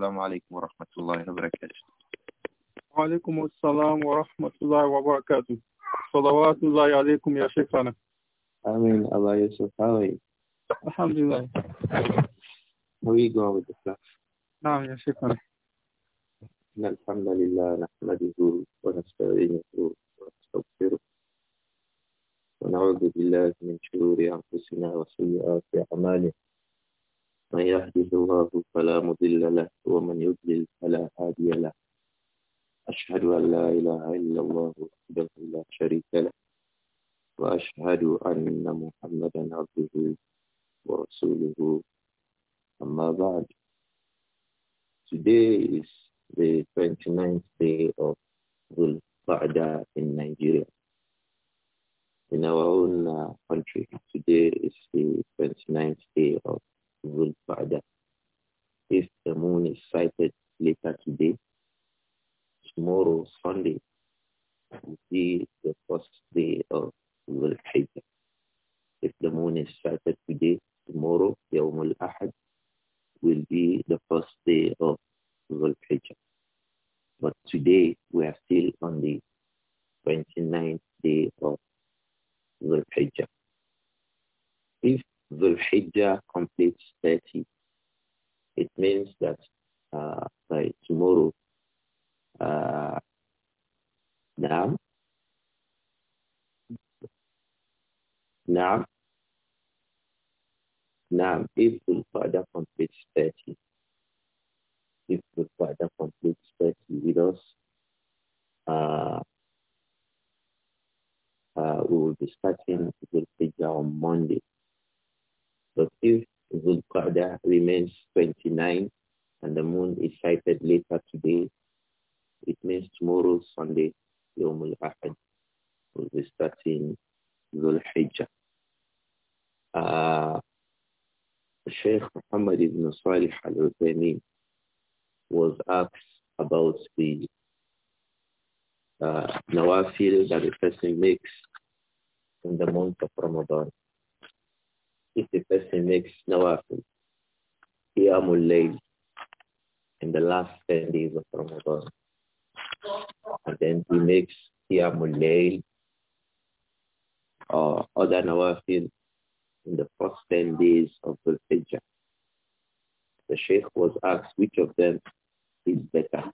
السلام عليكم ورحمة الله وبركاته وعليكم السلام ورحمة الله وبركاته صلوات الله عليكم يا شيخنا آمين الله يوسف how are you? لله How are you going with the class? نعم يا شيخنا الحمد لله نحمده ونستعينه ونستغفره ونعوذ بالله من شرور أنفسنا وسيئات أعمالنا من يهده الله فلا مضل له ومن يضلل فلا هادي له أشهد أن لا إله إلا الله وحده لا شريك له وأشهد أن محمدا عبده ورسوله أما بعد Today is the 29th day of Dhul Qa'da in Nigeria. In our own uh, country, today is the 29th day of Zulqa'dah. If the moon is sighted later today, tomorrow, Sunday, will be the first day of Zulhijjah. If the moon is sighted today, tomorrow, Yawm al-Ahad, will be the first day of Zulhijjah. But today, we are still on the 29th day of Zulhijjah. If Dhul Hijjah completes 30. It means that uh, by tomorrow, uh, now, now, now, if the father completes 30, if the father completes 30 with us, uh, uh, we will be starting the figure on Monday. But if Zulqa'da remains 29 and the moon is sighted later today, it means tomorrow, Sunday, Yawmul Ahad, will be starting Zulhijjah. Uh, Sheikh Muhammad ibn Salih al-Uthaymeen was asked about the uh, nawafil that a person makes in the month of Ramadan if the person makes nawafil, he layl in the last 10 days of Ramadan, and then he makes he layl or other nawafil in the first 10 days of the Hijjah. The Sheikh was asked which of them is better.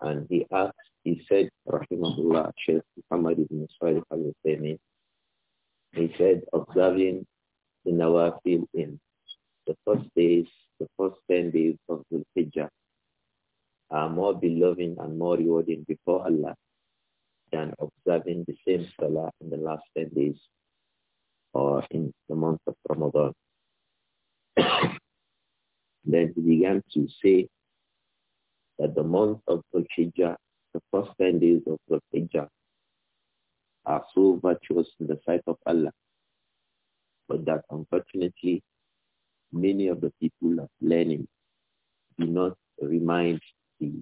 And he asked, he said, Rahimahullah, Sheikh Muhammad ibn Salih al He said, observing in our in the first days, the first 10 days of the Hijjah are more beloved and more rewarding before Allah than observing the same Salah in the last 10 days or in the month of Ramadan. then he began to say that the month of the hijjah the first 10 days of the hijjah are so virtuous in the sight of Allah but that unfortunately many of the people of learning do not remind the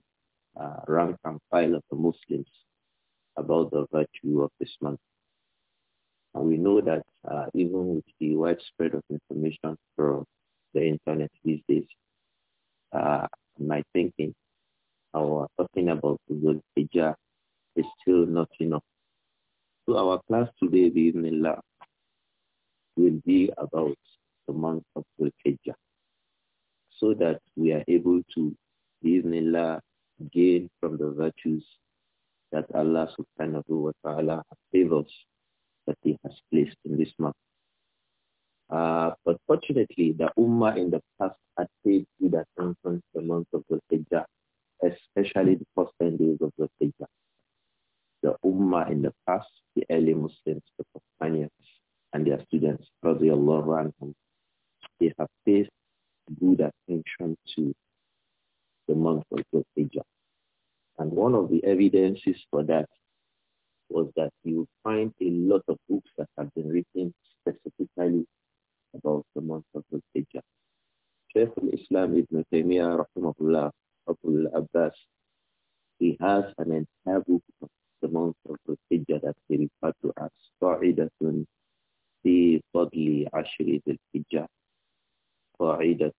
uh, rank and file of the Muslims about the virtue of this month. And we know that uh, even with the widespread of information from the internet these days, uh, my thinking, our talking about the hijab is still not enough. So our class today, the lab, will be about the month of Dhul-Hijjah so that we are able to, Allah, gain from the virtues that Allah subhanahu wa ta'ala favors that he has placed in this month. Uh, but fortunately, the Ummah in the past had failed to that conference the month of the Hijjah, especially the first 10 days of the Hijjah. The Ummah in the past, the early Muslims, the companions, and their students, radiallahu anhum, they have paid good attention to the month of Dhul And one of the evidences for that was that you find a lot of books that have been written specifically about the month of Dhul Hijjah. Shaykh al-Islam Ibn Taymiyyah, rahimahullah, Abdul Abbas, he has an entire book of the month of Dhul Hijjah that he referred to as Sa'idatun في فضل عشر ذي الحجة قاعدة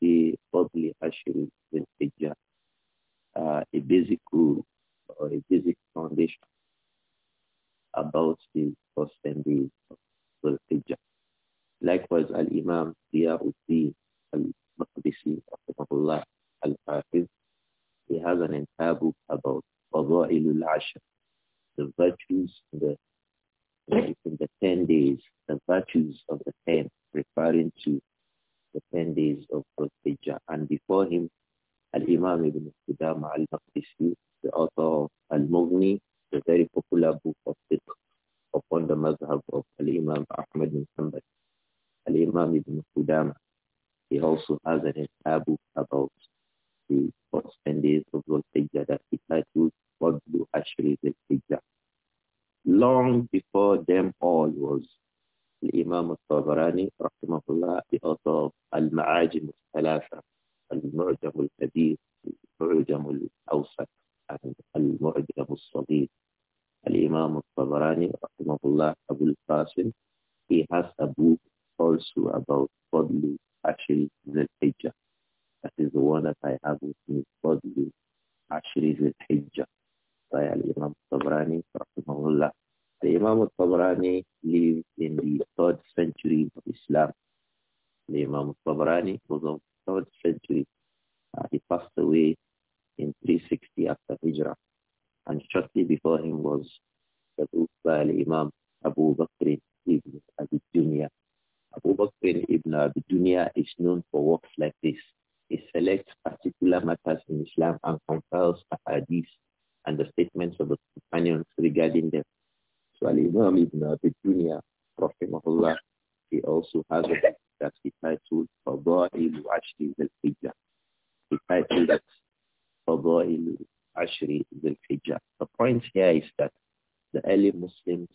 في فضل عشر ذي الحجة uh, a basic rule or a basic foundation about the first 10 days of the Hijjah. Likewise, Al-Imam Ziyauddin Al-Maqdisi Rahimahullah Al-Hafiz, he has an entire book about Fadailul Ashr, the virtues, the in the 10 days, the virtues of the 10, referring to the 10 days of Hijjah. And before him, Al-Imam Ibn Qudama al-Maqdisi, the author of Al-Mughni, the very popular book of fiqh upon the mazhab of Al-Imam Ahmad ibn Hanbal. Al-Imam Ibn Qudama, he also has an entire book about the first 10 days of Dhul that he titled what do actually Hijjah long before them all was the Imam al-Tabarani, rahimahullah, the author of Al-Ma'ajim al-Thalatha, Al-Mu'jam al-Kabir, Al-Mu'jam al-Awsat, and Al-Mu'jam al-Sadir. Al-Imam al-Tabarani, rahimahullah, Abu al-Qasim, he has a book also about Fadlu Ashri al-Hija. That is the one that I have with me, Fadlu Ashri al hijjah by Imam Tabrani, Rahimahullah. The Imam Tabrani lived in the third century of Islam. The Imam Tabrani was of third century. Uh, he passed away in 360 after Hijrah. And shortly before him was the book Imam Abu Bakr ibn Abi Dunya. Abu Bakr ibn Abi Dunya is known for works like this. He selects particular matters in Islam and compiles hadiths and the statements of the companions regarding them. So Al-Imam Ibn Abi Dunya, rahimahullah, he also has a book that he titled Fada'il Ashri Zil-Hijjah. He titled that Fada'il Ashri Zil-Hijjah. The point here is that the early Muslims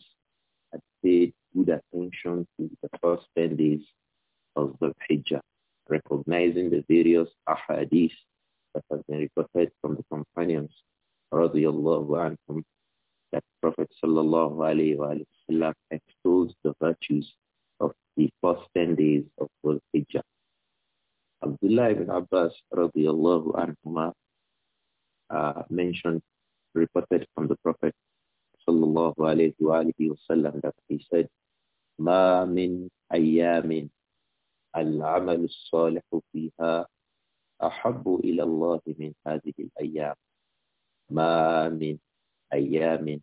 had paid good attention to the first 10 days of the Hijjah, recognizing the various ahadith that has been reported from the companions radiallahu anhum, that Prophet sallallahu alayhi wa sallam extols the virtues of the first 10 days of Dhul Hijjah. Abdullah ibn Abbas radiallahu anhuma uh, mentioned, reported from the Prophet sallallahu alayhi wa sallam that he said, ما من أيام العمل الصالح فيها أحب إلى الله من هذه الأيام ما من أيام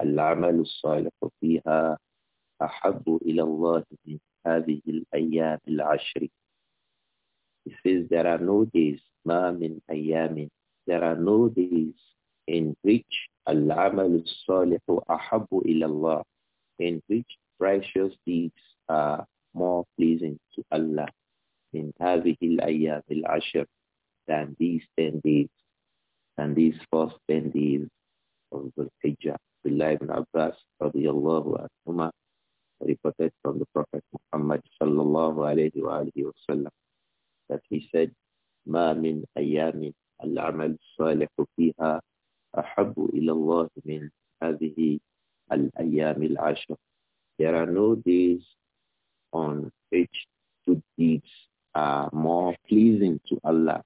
العمل الصالح فيها أحب إلى الله من هذه الأيام العشر. He says there are no days ما من أيام there are no days in which العمل الصالح أحب إلى الله in which righteous deeds are more pleasing to Allah in هذه الأيام العشر than these ten days and these first 10 of the Hijjah. Abdullah ibn Abbas radiallahu anhuma reported from the Prophet Muhammad sallallahu alayhi wa alayhi wasallam that he said, ما من أيام العمل الصالح فيها أحب إلى الله من هذه الأيام العشر. There are no days on which good deeds are more pleasing to Allah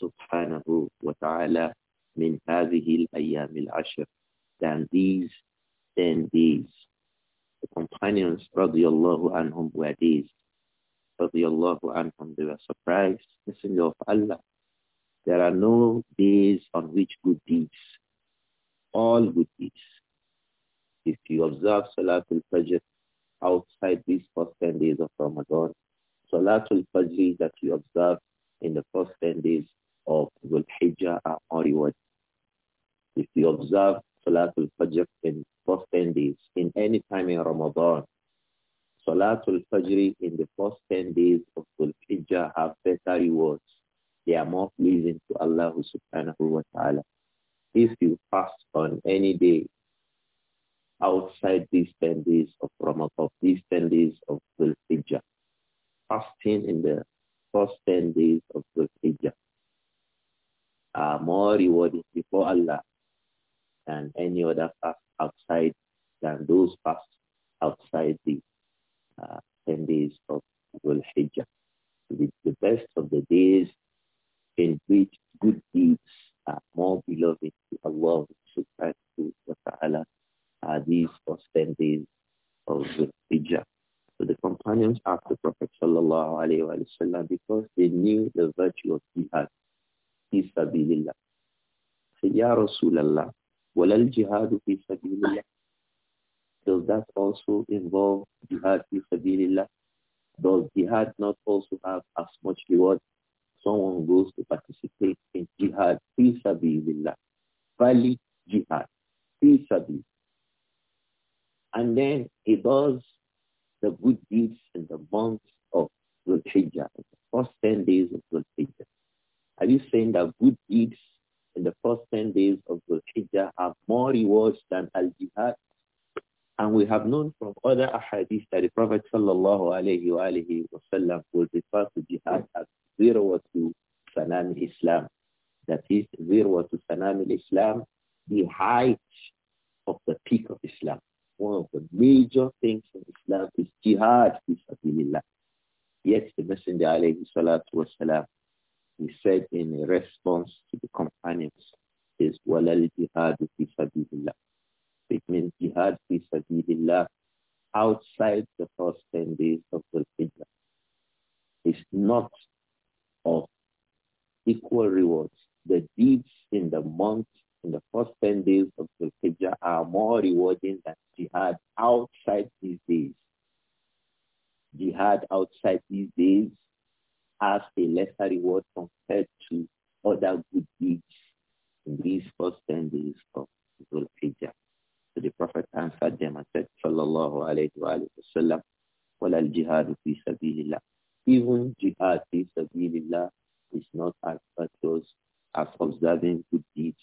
subhanahu wa ta'ala min هذه الأيام العشر than these ten days. The companions radiallahu anhum were these. Radiallahu anhum, they were surprised. Messenger of Allah, there are no days on which good deeds, all good deeds. If you observe Salatul Fajr outside these first 10 days of Ramadan, Salatul Fajr that you observe in the first 10 days of Dhul Hijjah are more rewarded. If you observe Salatul Fajr in first 10 days, in any time in Ramadan, Salatul Fajr in the first 10 days of Dhul Hijjah have better rewards. They are more pleasing to Allah subhanahu wa ta'ala. If you fast on any day outside these 10 days of Ramadan, of these 10 days of Dhul Hijjah, fasting in the first 10 days of Dhul Hijjah are uh, more rewarding before Allah than any other fast outside than those fasts outside the uh, 10 days of Dhul Hijjah. It's the best of the days in which good deeds are more beloved to Allah subhanahu wa ta'ala are these first 10 days of Dhul Hijjah. So the companions asked the Prophet sallallahu alayhi wa sallam because they knew the virtue of jihad. في سبيل الله فيا رسول الله ولا الجهاد في سبيل الله Does that also involve jihad في سبيل الله? Does jihad not also have as much reward? Someone goes to participate in jihad في سبيل الله. Valid jihad في سبيل And then he does the good deeds in the months of Dhul Hijjah, the first 10 days of Dhul Hijjah. Are you saying that good deeds in the first 10 days of the Hijjah have more rewards than al-jihad? And we have known from other ahadith that the Prophet sallallahu alayhi wa alayhi wasallam will refer to jihad as to sanam islam. That is to sanam islam, the height of the peak of Islam. One of the major things in Islam is jihad, peace the Messenger alayhi salatu wasalam he said in response to the companions is walal jihad fi sabilillah. It means jihad fi sabilillah outside the first 10 days of the Hijrah is not of equal rewards. The deeds in the month, in the first 10 days of the Hijrah are more rewarding than jihad outside these days. Jihad outside these days has a lesser reward compared to other good deeds in these first 10 days of Dhul Hijjah. So the Prophet answered them and said, Sallallahu alayhi wa sallam, Walal jihadu fi sabilillah. Even jihad fi sabilillah is not as virtuous as observing good deeds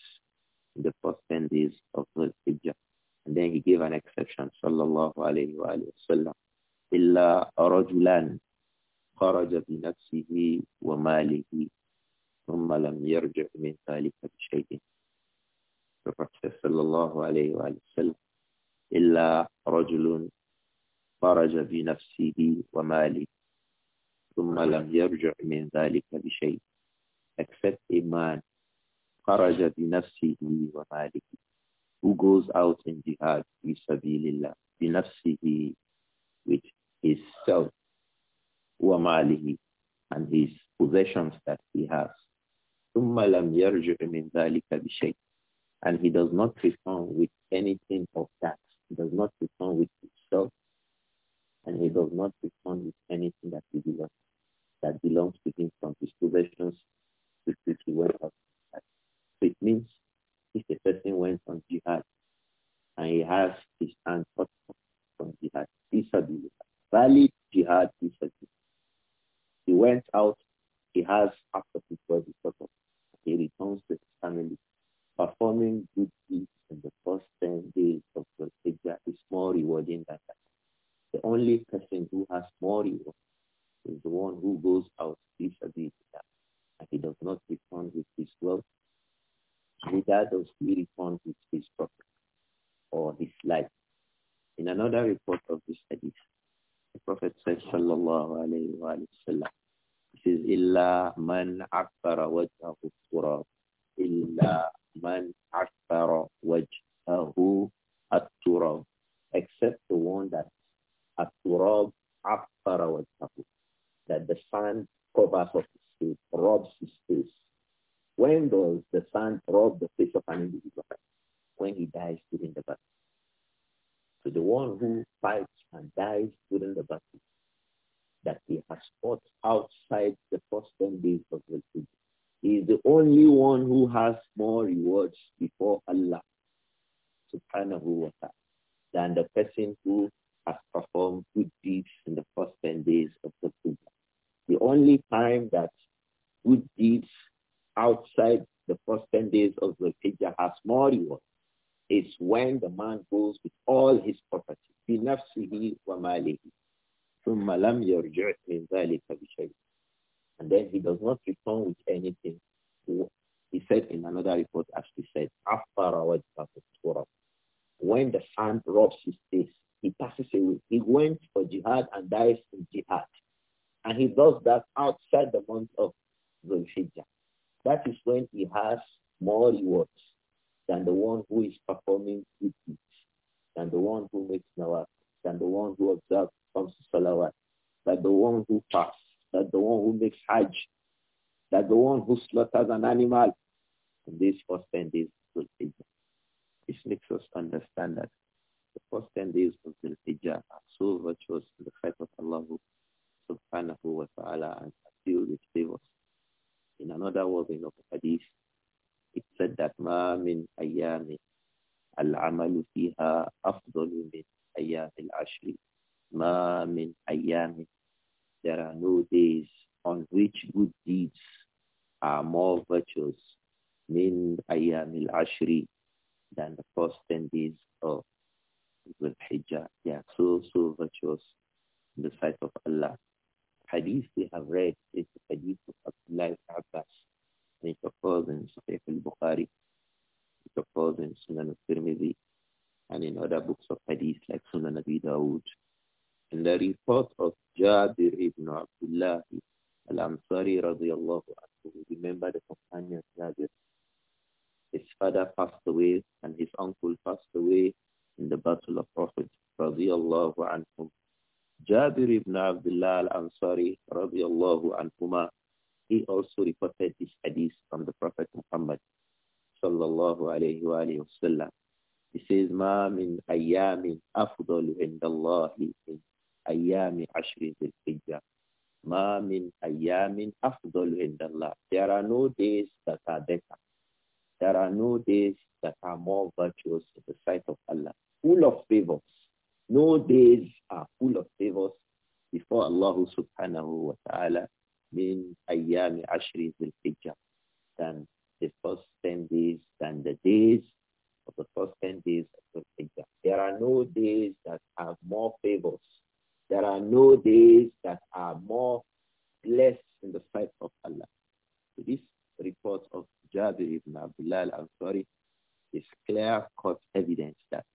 in the first 10 days of Dhul Hijjah. And then he gave an exception, Sallallahu alayhi wa sallam, Illa rajulan خرج بنفسه وماله ثم لم يرجع من ذلك بشيء The Prophet صلى الله عليه وآله وسلم إلا رجل خرج بنفسه وماله ثم لم يرجع من ذلك بشيء except a man خرج بنفسه وماله who goes out in jihad في سبيل الله بنفسه with his self وَمَالِهِ and his possessions that he has. ثُمَّ لَمْ يَرْجِعْ مِنْ ذَلِكَ بِشَيْءٍ And he does not return with anything of that. He does not return with himself and he does not return with anything that he belongs, that belongs to him from his possessions which he went out. So it means if the person went on jihad and he has his hand cut from jihad, this is valid jihad, this is he went out, he has half of his body He returns to his family, performing good deeds in the first 10 days of the Hijjah is more rewarding than that. The only person who has more reward is the one who goes out day and he does not return with his wealth, neither does he return with his property or his life. In another report of this hadith, the Prophet said, Sallallahu Alaihi Wasallam, this is illa man akbara wajhahu turab. Illa man akbara reported this hadith from the Prophet Muhammad sallallahu alayhi wa alayhi wa He says, مَا مِنْ أَيَّامٍ أَفْضَلُ عِنْدَ اللَّهِ مِنْ أَيَّامِ عَشْرِ ذِي الْحِجَّةِ مَا مِنْ أَيَّامٍ أَفْضَلُ عِنْدَ اللَّهِ There are no days that are better. There are no days that are more virtuous in the sight of Allah, full of favors. No days are full of favors before Allah subhanahu wa ta'ala min ayyami ashri zilhijjah than the first 10 days, than the days of the first 10 days of Zulhijjah. There are no days that have more favors. There are no days that are more blessed in the sight of Allah. So this report of Jabir ibn Abdullah al-Ansari is clear-cut evidence that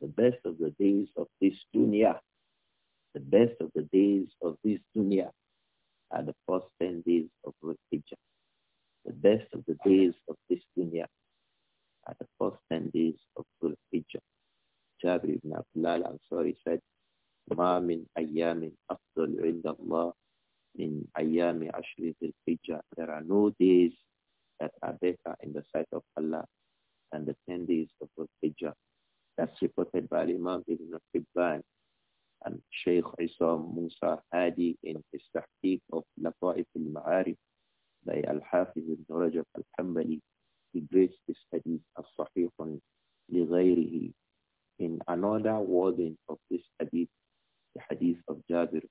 the best of the days of this dunya, the best of the days of this dunya are the first 10 days of Dhul The best of the days of this year are the first 10 days of Dhul Hijjah. Jabir ibn Abdullah al-Ansari said, ما من أيام أفضل عند الله من أيام عشر ذي الحجة. There are no days that are better in the sight of Allah than the 10 days of Dhul That's reported by Imam Ibn Hibban and Sheikh Isa Musa Hadi in his Tahqiq of Lafa'if al-Ma'arif by Al-Hafiz ibn Rajab al-Hambali. He this hadith as Sahih لغيره. In another wording of this hadith, the hadith of Jabir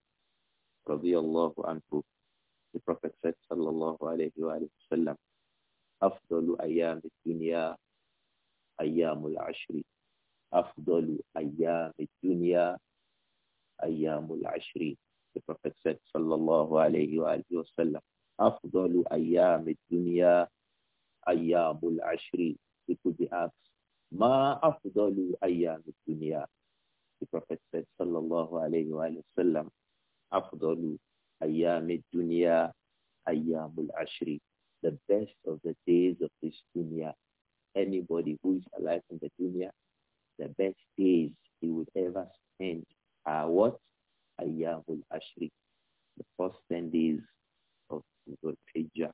radiallahu anhu, the Prophet said sallallahu alayhi wa sallam, أفضل أيام الدنيا أيام العشر أفضل أيام الدنيا ayyamul ashri. The Prophet said, sallallahu alayhi wa afdalu ayyam dunya ayyamul ashri. It could be asked, ma afdalu ayyam dunya? The Prophet said, sallallahu alayhi wa sallam, afdalu ayyam dunya ayyamul ashri. The best of the days of this dunya. Anybody who is alive in the dunya, the best days he would ever spend are what? Ayyamul Ashri, the first 10 days of Dhul Hijjah.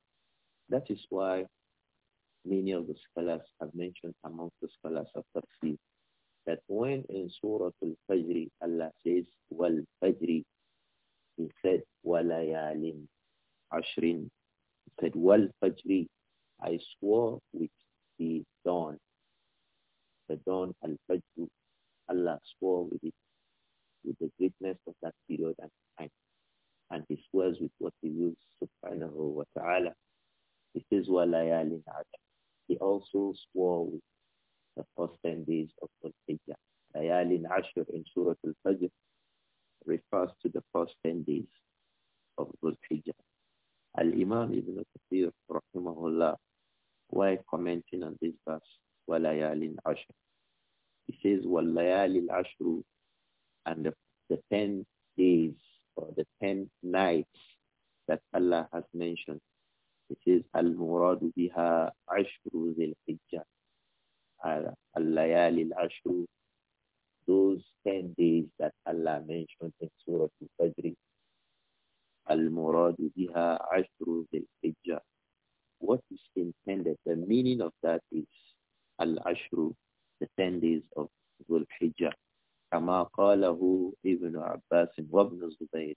That is why many of the scholars have mentioned amongst the scholars of Tafsir that when in Surah Al-Fajr, Allah says, Wal Fajri, he said, Walayalin Ashrin. He said, Wal Fajri, I swore with the dawn. The dawn, Al-Fajr, Allah swore with it with the greatness of that period and time and his words with what he wills subhanahu wa ta'ala. It is walayalin He also swore with the first 10 days of the hijjah Layalin Ashur in Surah Al-Fajr refers to the first 10 days of Dhul-Hijjah. Al-Imam Ibn Kathir, rahimahullah, while commenting on this verse, walayalin Ashur, he says, walayalin Ashur and the, the 10 days or the 10 nights that Allah has mentioned. It is Al-Muradu biha Ashru Zil Hijjah. Al-Layali Al-Ashru. Those 10 days that Allah mentioned in Surah Al-Fajr. Al-Muradu biha Ashru Zil Hijjah. What is intended, the meaning of that is Al-Ashru, the 10 days of Zul Hijjah. كما قاله ابن عباس وابن الزبير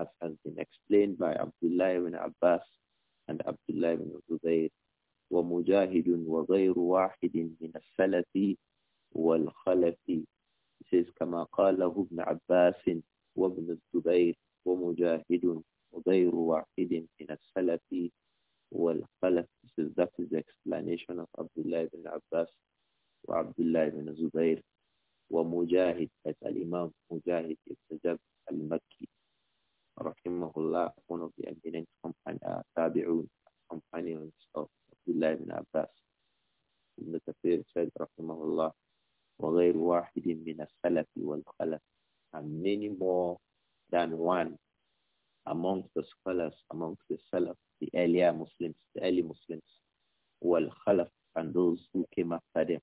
as has been explained by Abdullah ibn Abbas and Abdullah ibn Zubayr ومجاهد وغير واحد من السلف والخلف says كما قاله ابن عباس وابن الزبير ومجاهد وغير واحد من السلف والخلف says that is the explanation of Abdullah ibn Abbas وعبد الله بن Zubayr ومجاهد as Al-Imam الْمَكِي رَحِمَهُ اللَّهُ one of the eminent companions, uh, companions of Abdullah ibn Abbas. said, وغير واحد من السلف والخلف and many more than one amongst the scholars, amongst the Salaf, the earlier Muslims, the early Muslims, wal and those who came after them.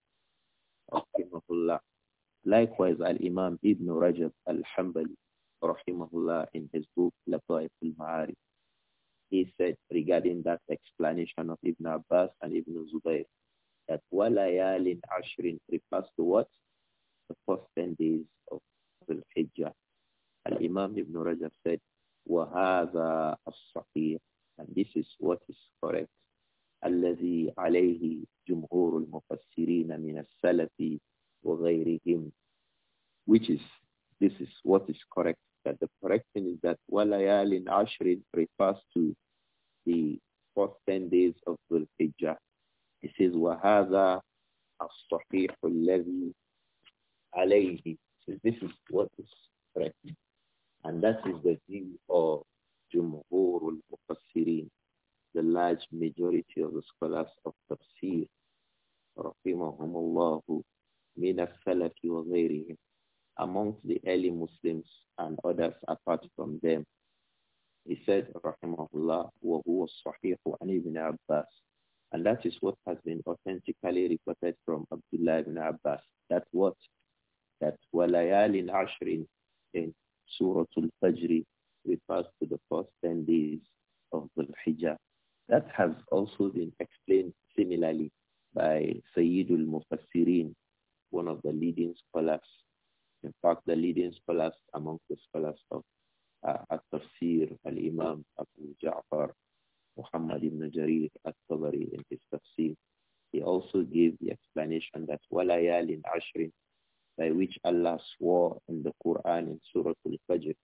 اللَّهُ Likewise, Al-Imam Ibn Rajab Al-Hambali, rahimahullah, in his book, Lataif al-Ma'arif, he said regarding that explanation of Ibn Abbas and Ibn Zubayr, that walayalin ashrin refers to what? The first 10 days of Al-Hijjah. Al-Imam Ibn Rajab said, وَهَذَا الصَّحِيحِ And this is what is correct. الذي عليه جمهور المفسرين من السلف وَغَيْرِهِمْ Which is, this is what is correct. That the correct thing is that وَلَيَالٍ عَشْرٍ refers to the first 10 days of Dhul Hijjah. It says وَهَذَا الصَّحِيحُ الَّذِي عَلَيْهِ so This is what is correct. And that is the view of Jumhur al-Mufassirin, the large majority of the scholars of Tafsir, الله من السلف وغيرهم amongst the early Muslims and others apart from them. He said, Rahimahullah, wa huwa sahih an ibn Abbas. And that is what has been authentically reported from Abdullah ibn Abbas. That what? That walayalin ashrin in Surah Al-Fajr refers to the first 10 days of the Hijjah. That has also been explained similarly by Sayyidul Mufassirin one of the leading scholars, in fact, the leading scholars among the scholars of uh, Al-Tafsir, Al-Imam Abu Ja'far, Muhammad ibn Jarir Al-Tabari in his Tafsir. He also gave the explanation that وَلَيَالٍ Ashrin" by which Allah swore in the Quran in Surah Al-Fajr.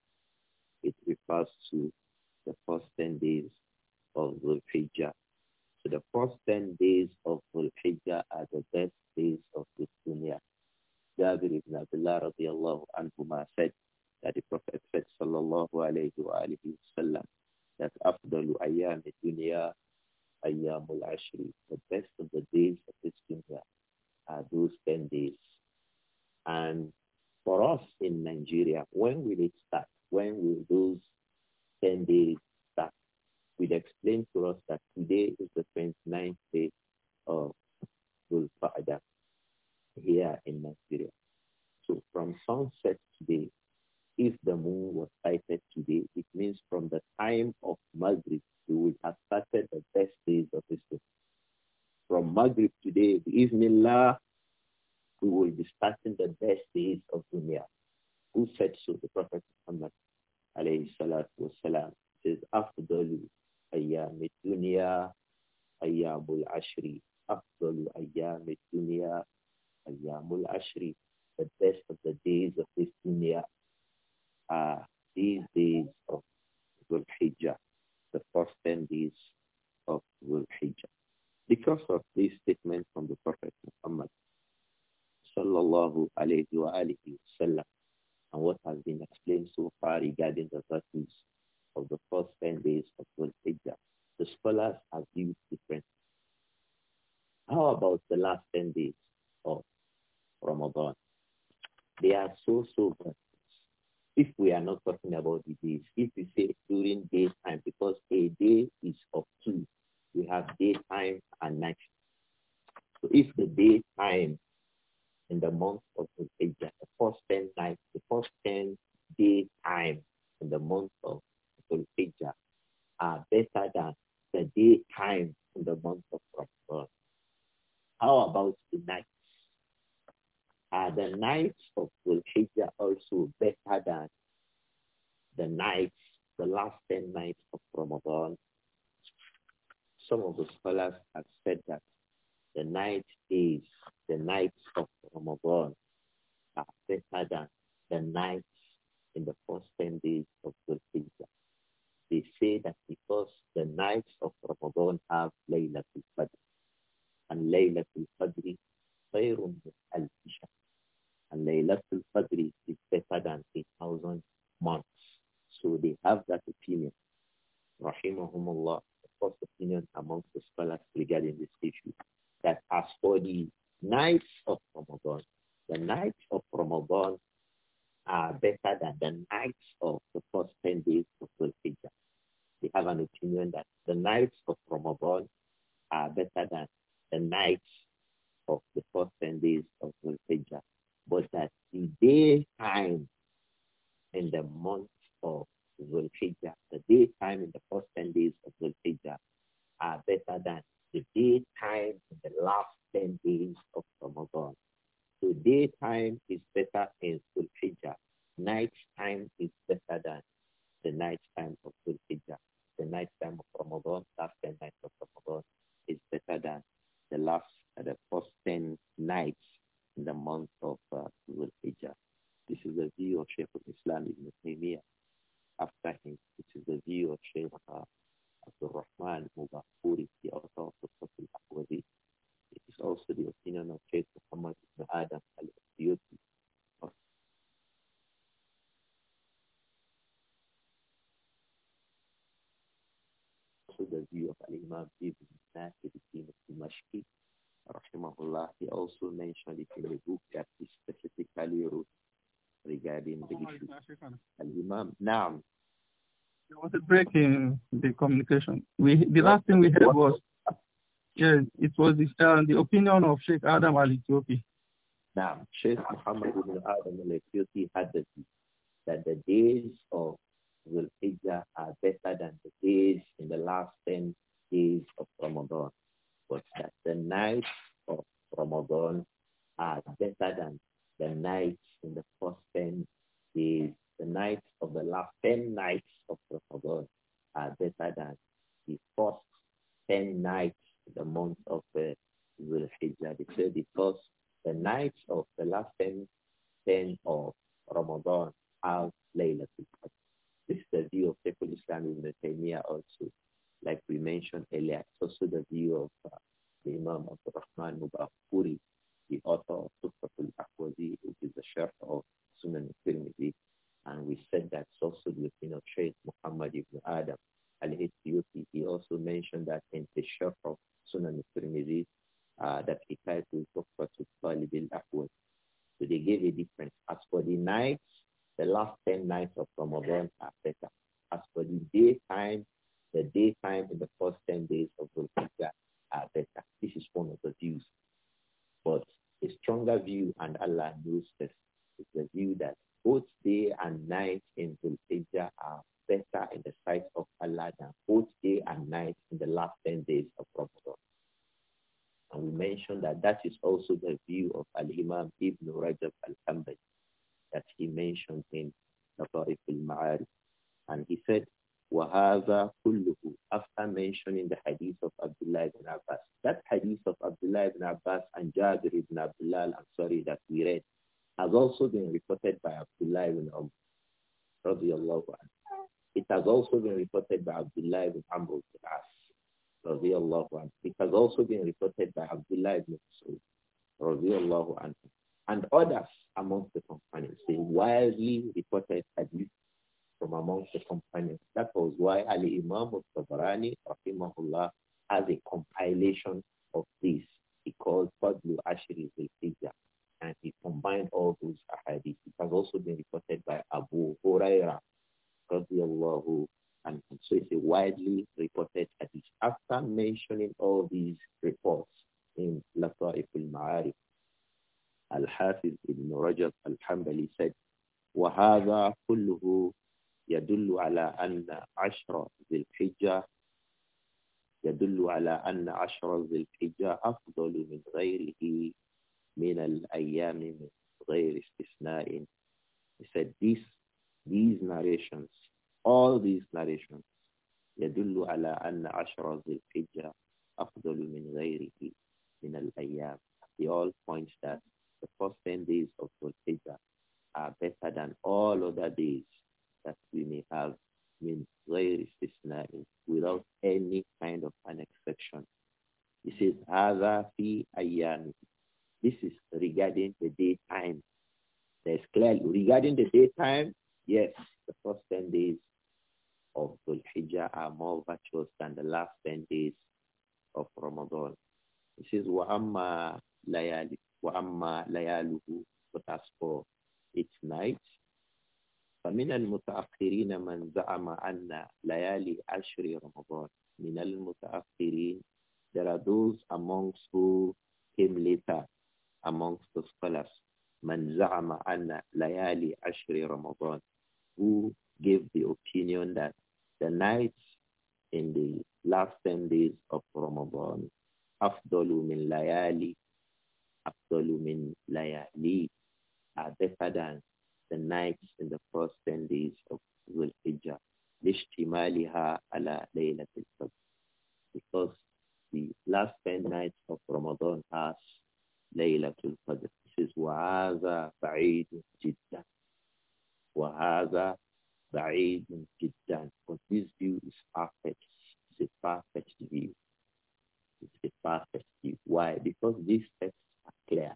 It refers to the first 10 days of Dhul-Hijjah. So the first 10 days of Dhul-Hijjah are the best days of this dunya. Jabir ibn Abdullah radiallahu anhuma said that the Prophet said sallallahu alayhi wa alihi wasallam that afdalu ayyam dunya ayyamul ashri. The best of the days of this dunya are those 10 days. And for us in Nigeria, when will it start? When will those 10 days start? We'd explain to us that today is the 29th day of here in Nigeria. So from sunset today, if the moon was sighted today, it means from the time of Maghrib, we would have started the best days of Islam. From Maghrib today, Bismillah, we will be starting the best days of dunya. Who said so? The Prophet Muhammad alayhi salatu wasalam says, Afdalu ayyamid dunya ayyamul ashri أفضل أيام الدنيا أيام العشر the best of the days of this dunya are ah, these days of Dhul Hijjah, the first 10 days of Dhul Hijjah. Because of this statement from the Prophet Muhammad sallallahu alayhi wa alihi wasallam and what has been explained so far regarding the virtues of the first 10 days of Dhul Hijjah, the scholars have used different how about the last 10 days of Ramadan? They are so, so bad. If we are not talking about the days, if we say during daytime, because a day is of two, we have daytime and night. So if the daytime in the month of Hijjah, the, first 10 nights, the first 10 day in the month of Hijjah are better than the daytime in the month of Ramadan. How about the nights? Are the nights of Dhul also better than the nights, the last 10 nights of Ramadan? Some of the scholars have said that the night is the nights of Ramadan are better than the nights in the first 10 days of Dhul They say that because the nights of Ramadan have Laylatul Qadr, and Laylatul Qadr khairun min al And Laylatul Qadr is better than a thousand months. So they have that opinion. Rahimahumullah, the first opinion amongst the scholars regarding this issue, that as for the nights of Ramadan, the nights of Ramadan are better than the nights of the first 10 days of the Hijjah. They have an opinion that the nights of Ramadan are better than the night of the first 10 days of Zulhijjah, but that the daytime in the month of Zulhijjah, the daytime in the first 10 days of Zulhijjah are better than the daytime in the last 10 days of Ramadan. So daytime is better in Zulhijjah. Night time is better than the night time of Zulhijjah. The night time of Ramadan, last the night of Ramadan is better than the last, uh, the first 10 nights in the month of uh, This is the view of Shaykh of islam Ibn Taymiyyah. After him, it is the view of Shaykh uh, Abdul Rahman Mubakuri, the author of the Fatul It is also the opinion of Shaykh Muhammad Ibn Adam al-Asyuti, also the view of Imam Ibn Nasir ibn Dimashqi, rahimahullah. He also mentioned it in the book that he specifically wrote regarding the issue. Al-Imam, Now. There was a break in the communication. We, the last thing we heard was, yes, it was this, uh, the opinion of Sheikh Adam al-Ethiopi. Now, Sheikh Muhammad ibn Adam al-Ethiopi had the, that the days of Will Hijjah uh, are better than the days in the last 10 days of Ramadan, but that the nights of Ramadan are better than the nights in the first 10 days. The nights of the last 10 nights of Ramadan are better than the first 10 nights in the month of Zul uh, Hijjah. They say because the nights of the last 10, 10 of Ramadan are Laylatul Qadr. This is the view of Sheikh Islam Ibn Taymiyyah also, like we mentioned earlier. It's also the view of uh, the Imam Abdul Rahman Mubarak the author of Tufat akwazi which is the Sheikh of Sunan al-Tirmidhi. And we said that's also the opinion of Sheikh Muhammad ibn Adam al-Hittiyuti. He also mentioned that in the Sheikh of Sunan al-Tirmidhi, uh, that he titled Tufat talib al-Akwazi. So they gave a difference. As for the nights, the last 10 nights of Ramadan are better. As for the daytime, the daytime in the first 10 days of Zulhijjah are better. This is one of the views. But a stronger view, and Allah knows this, is the view that both day and night in Zulhijjah are better in the sight of Allah than both day and night in the last 10 days of Ramadan. And we mentioned that that is also the view of Al-Imam Ibn Rajab Al-Hanbali that he mentioned in Tariq al-Ma'arif. And he said, وَهَذَا كُلُّهُ After mentioning the hadith of Abdullah ibn Abbas. That hadith of Abdullah ibn Abbas and Jabir ibn Abdullah I'm sorry, that we read has also been reported by Abdullah ibn Umar. Radiallahu anhu. It has also been reported by Abdullah ibn Amr ibn As. Radiallahu It has also been reported by Abdullah ibn Masud. Radiallahu anhu and others amongst the companions. They widely reported hadith from amongst the companions. That was why Ali Imam of Tabarani, rahimahullah, has a compilation of this. He called Fadlu Ashir al and he combined all those ahadith. It has also been reported by Abu Huraira, radiallahu and so it's a widely reported hadith. After mentioning all these reports in Lata'if al-Ma'arif, Al-Hafiz ibn Rajab al-Hambali said, وَهَذَا كُلُّهُ يدل على أن عشر ذي الحجة يدل على أن عشر ذي الحجة أفضل من غيره من الأيام من غير استثناء. He said these these narrations, all these narrations يدل على أن عشر ذي الحجة أفضل من غيره من الأيام. They all points that the first 10 days of Zulhijjah are better than all other days that we may have min without any kind of an exception. He says, Hada fi ayyami. This is regarding the daytime. There's clearly, regarding the daytime, yes, the first 10 days of Dhul Hijjah are more virtuous than the last 10 days of Ramadan. He says, Wa'amma layali وَأَمَّا لَيَالُهُ But as for its night, فَمِنَ الْمُتَأَخِّرِينَ مَنْ زَعَمَ أَنَّ لَيَالِي عَشْرِ رَمَضَانَ مِنَ الْمُتَأَخِّرِينَ There are those amongst who came later amongst the scholars من زعم أن ليالي عشر رمضان who gave the opinion that the nights in the last 10 days of Ramadan أفضل من ليالي أفضل من ليالي are better than the nights in the first 10 days of Dhul Hijjah لاشتمالها على ليلة القدر because the last 10 nights of Ramadan has ليلة القدر this is وهذا بعيد جدا وهذا بعيد جدا but this view is perfect it's a perfect view it's a perfect view why because this text clear.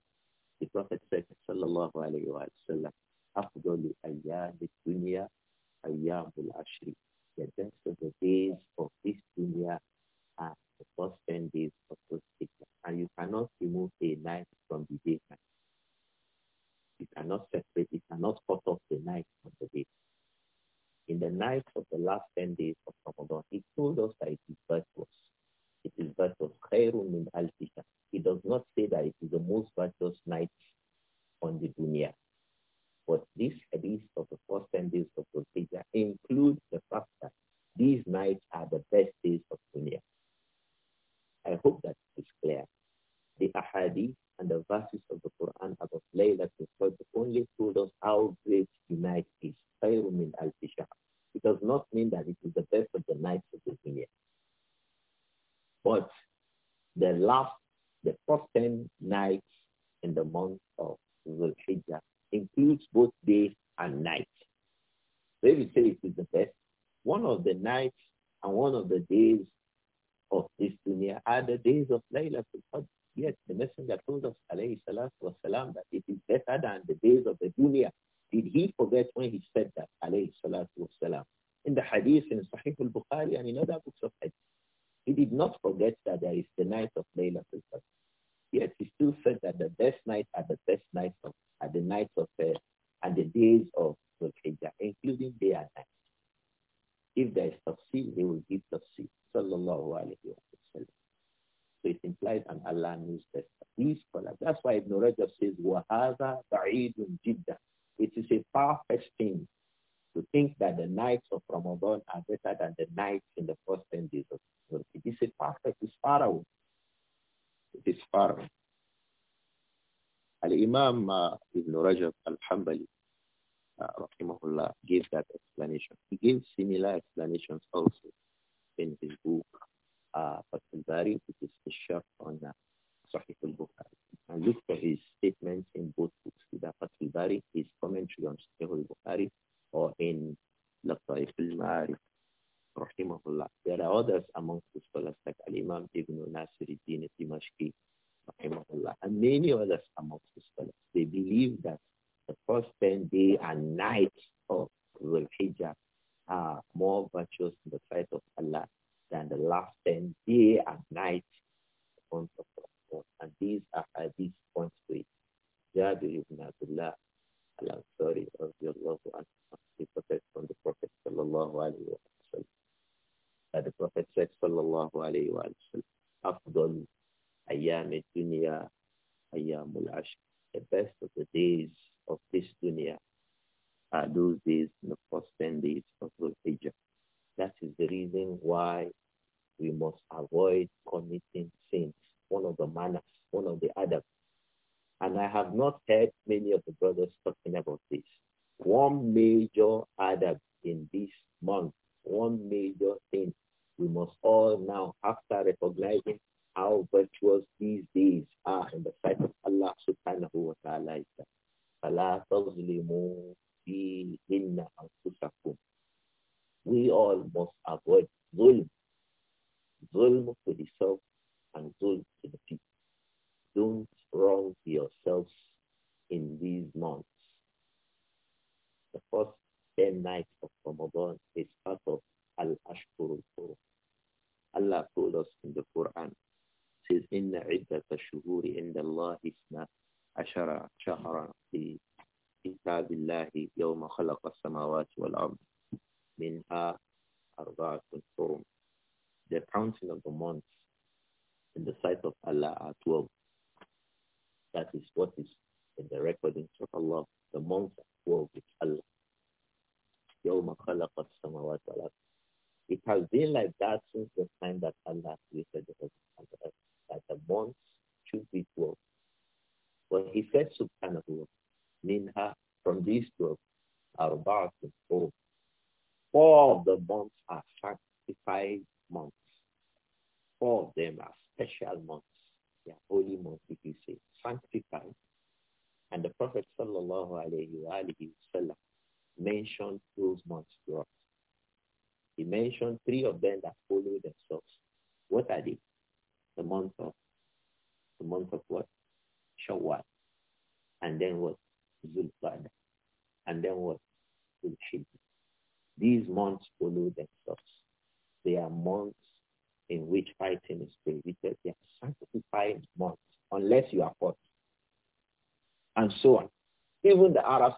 The Prophet said, sallallahu Alaihi wa sallam, أفضل أيام The best of the days of this dunya are the first 10 days of those days. And you cannot remove a night from the day. You cannot separate, you cannot cut off the night from the day. In the night of the last 10 days of Ramadan, he told us that his birth was it is of Khairun min al It does not say that it is the most virtuous night on the dunya. But this hadith of the first 10 days of Zulhijjah includes the fact that these nights are the best days of dunya. I hope that is clear. The ahadith and the verses of the Quran about Laylatul Qadr only told us how great the night is. Khairun min al It does not mean that it is the best of the nights of the dunya. But the last, the first 10 nights in the month of Zulhijjah includes both days and nights. So if you say it is the best, one of the nights and one of the days of this dunya are the days of Laylatul Qadr. Yet the Messenger told us, alayhi salatu wasalam, that it is better than the days of the dunya. Did he forget when he said that, alayhi salatu wasalam? In the hadith in Sahih al-Bukhari and in other books of hadith, he did not forget that there is the night of Laylatul Qadr. Yet he still said that the best night are the best nights of, at the nights of, uh, the days of Dhul including day and night. If there is tafsir, they will give tafsir. Sallallahu alayhi wa sallam. So it implies an Allah knows best. These scholars, that's why Ibn Rajab says, "Wahaza, بَعِيدٌ jidda. It is a far-fetched thing to think that the nights of Ramadan are better than the nights in the first 10 days of Ramadan. It is a perfect, it's far away. It is far away. Al-Imam uh, Ibn Rajab al-Hambali, uh, rahimahullah, gave that explanation. He gave similar explanations also in his book, uh, which is the sharp on uh, Sahih al-Bukhari. And look for his statements in both books, either Fatul his commentary on Sahih al-Bukhari, or in Lataif al-Ma'arif, rahimahullah. There are others amongst the scholars like Al-Imam Ibn Nasiruddin al-Dimashqi, rahimahullah, and many others amongst the scholars. They believe that the first 10 day and night of Dhul Hijjah are more virtuous in the sight of Allah than the last 10 day and night month the Ramadan. And these are these points to it. Jabir ibn Abdullah Al-Ansari radiallahu anhu reported from the Prophet sallallahu alayhi wa that the Prophet said sallallahu alayhi wa sallam أفضل أيام الدنيا أيام The best of the days of this dunya are those days in the first 10 days of Dhul Hijjah. That is the reason why we must avoid committing sins. One of the manners, one of the adabs and I have not heard many of the brothers talking about this. One major adab in this month, one major thing we must all now, after recognizing how virtuous these days are in the sight of Allah subhanahu wa ta'ala is that. فَلَا تَظْلِمُوا فِيهِنَّ We all must avoid zulm. Zulm to the out of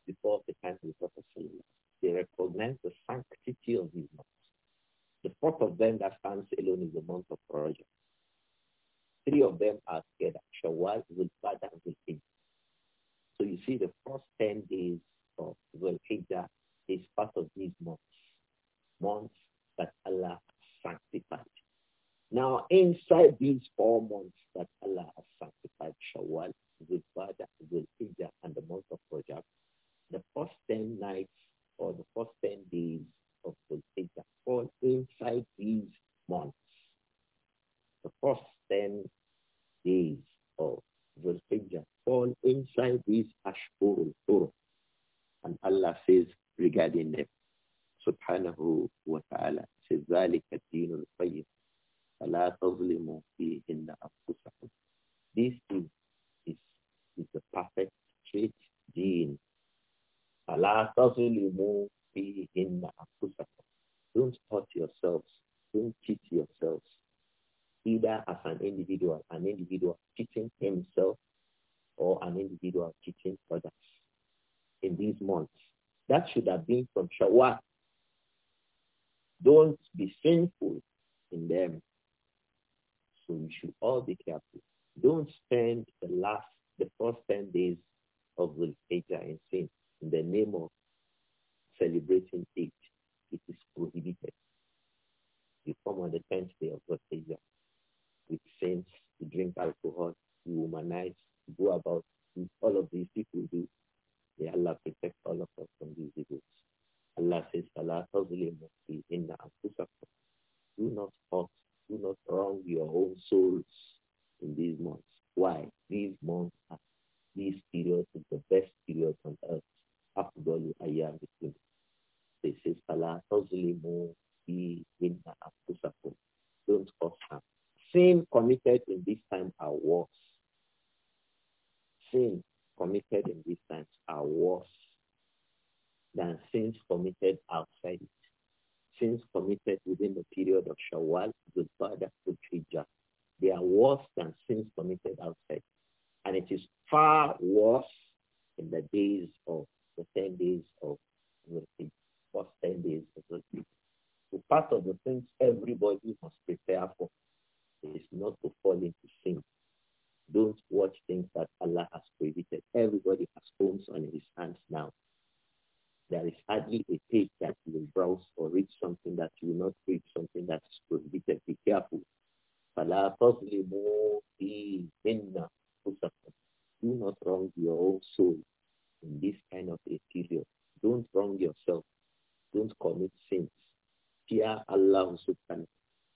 أَنفُسَكُمْ Don't hurt yourselves. Don't cheat yourselves. Either as an individual, an individual cheating himself or an individual cheating others in these months. That should have been from Shawat. Don't be sinful in them. So we should all be careful. Don't spend the last, the first 10 days of the Hijjah in sin in the name of celebrating it, it is prohibited. You come on the 10th day of Godzilla with saints, you drink alcohol, you womanize, you go about all of these people do. May Allah protect all of us from these evils. Allah says, Allah inna Do not hurt, do not wrong your own souls in these months. Why? These months are, these periods is the best period on earth. After all, I am between he says, Allah tazlimu fi inna anfusakum. Don't cause harm. Sin committed in this time are worse. Sin committed in this time are worse than sins committed outside it. Sins committed within the period of Shawwal, Zulqa'dah, Zulhijjah. They are worse than sins committed outside. And it is far worse in the days of the 10 days of Zulhijjah first 10 days of the So part of the things everybody must prepare for is not to fall into sin. Don't watch things that Allah has prohibited. Everybody has phones on his hands now. There is hardly a page that you will browse or read something that you will not read, something that is prohibited. Be careful. Do not wrong your own soul in this kind of a period. Don't wrong yourself. Don't commit sins. Fear Allah subhanahu.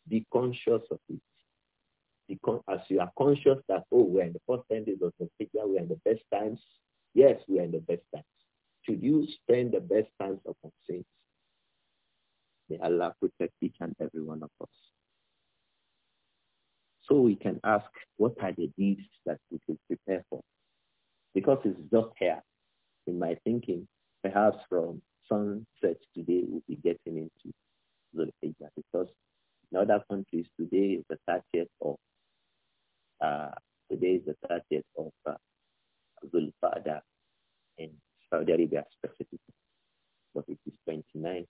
Be conscious of it. Because as you are conscious that, oh, we're in the first 10 days of the figure, we're in the best times. Yes, we're in the best times. Should you spend the best times of our sins? May Allah protect each and every one of us. So we can ask, what are the deeds that we should prepare for? Because it's just here, in my thinking, perhaps from sunset today will be getting into the Hijjah because in other countries today is the 30th of uh, today is the 30th of uh, in Saudi Arabia specifically, but it is 29th.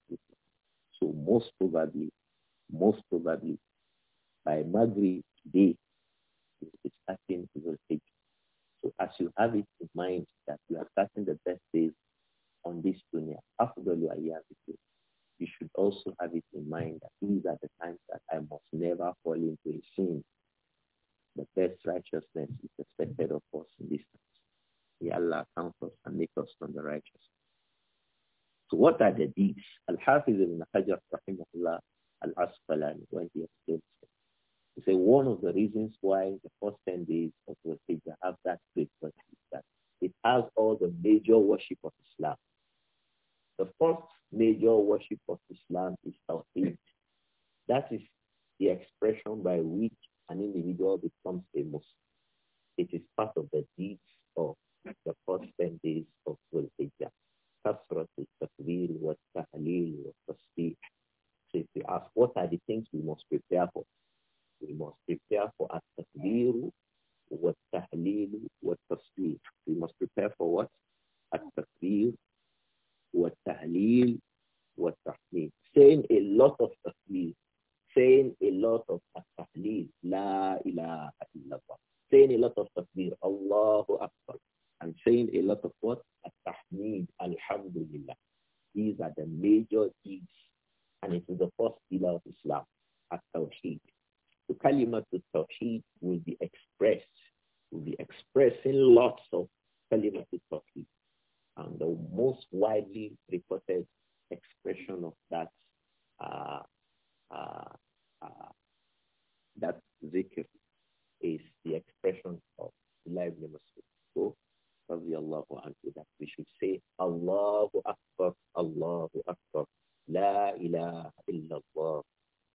So most probably, most probably by Maghrib today is the starting Dhul So as you have it in mind that you are starting the best days on this dunya. Afdalu ayyamikum. You should also have it in mind that these are the times that I must never fall into a sin. The best righteousness is expected of us in this time. May Allah count us and make us from the righteous. So what are the deeds? Al-Hafiz ibn Hajar rahimahullah al-Asqalani when he explains it. He said one of the reasons why the first 10 days of Dhul have that great is that it has all the major worship of Islam. The first major worship of Islam is Tawheed. That is the expression by which an individual becomes a Muslim. It is part of the deeds of the first 10 days of Dhul Hijjah. Kasrat al-Takbir wa Tahleel wa Tasbih. So if you ask, what are the things we must prepare for? We must prepare for at-Takbir wa Tahleel wa Tasbih. We must prepare for what? At-Takbir والتهليل والتحميد saying a lot of tasbih saying a lot of at la ilaha illallah saying a lot of tasbih Allahu Akbar and saying a lot of what at-tahmid alhamdulillah these are the major deeds and it is the first pillar of Islam at-tawheed the kalimat to tawheed will be expressed will be expressing lots of kalimat at-tawheed and the most widely reported expression of that uh, uh, uh, that zikr is the expression of Abdullah ibn Masud. So, radiallahu anhu, that we should say, Allahu Akbar, Allahu Akbar, La ilaha illallah,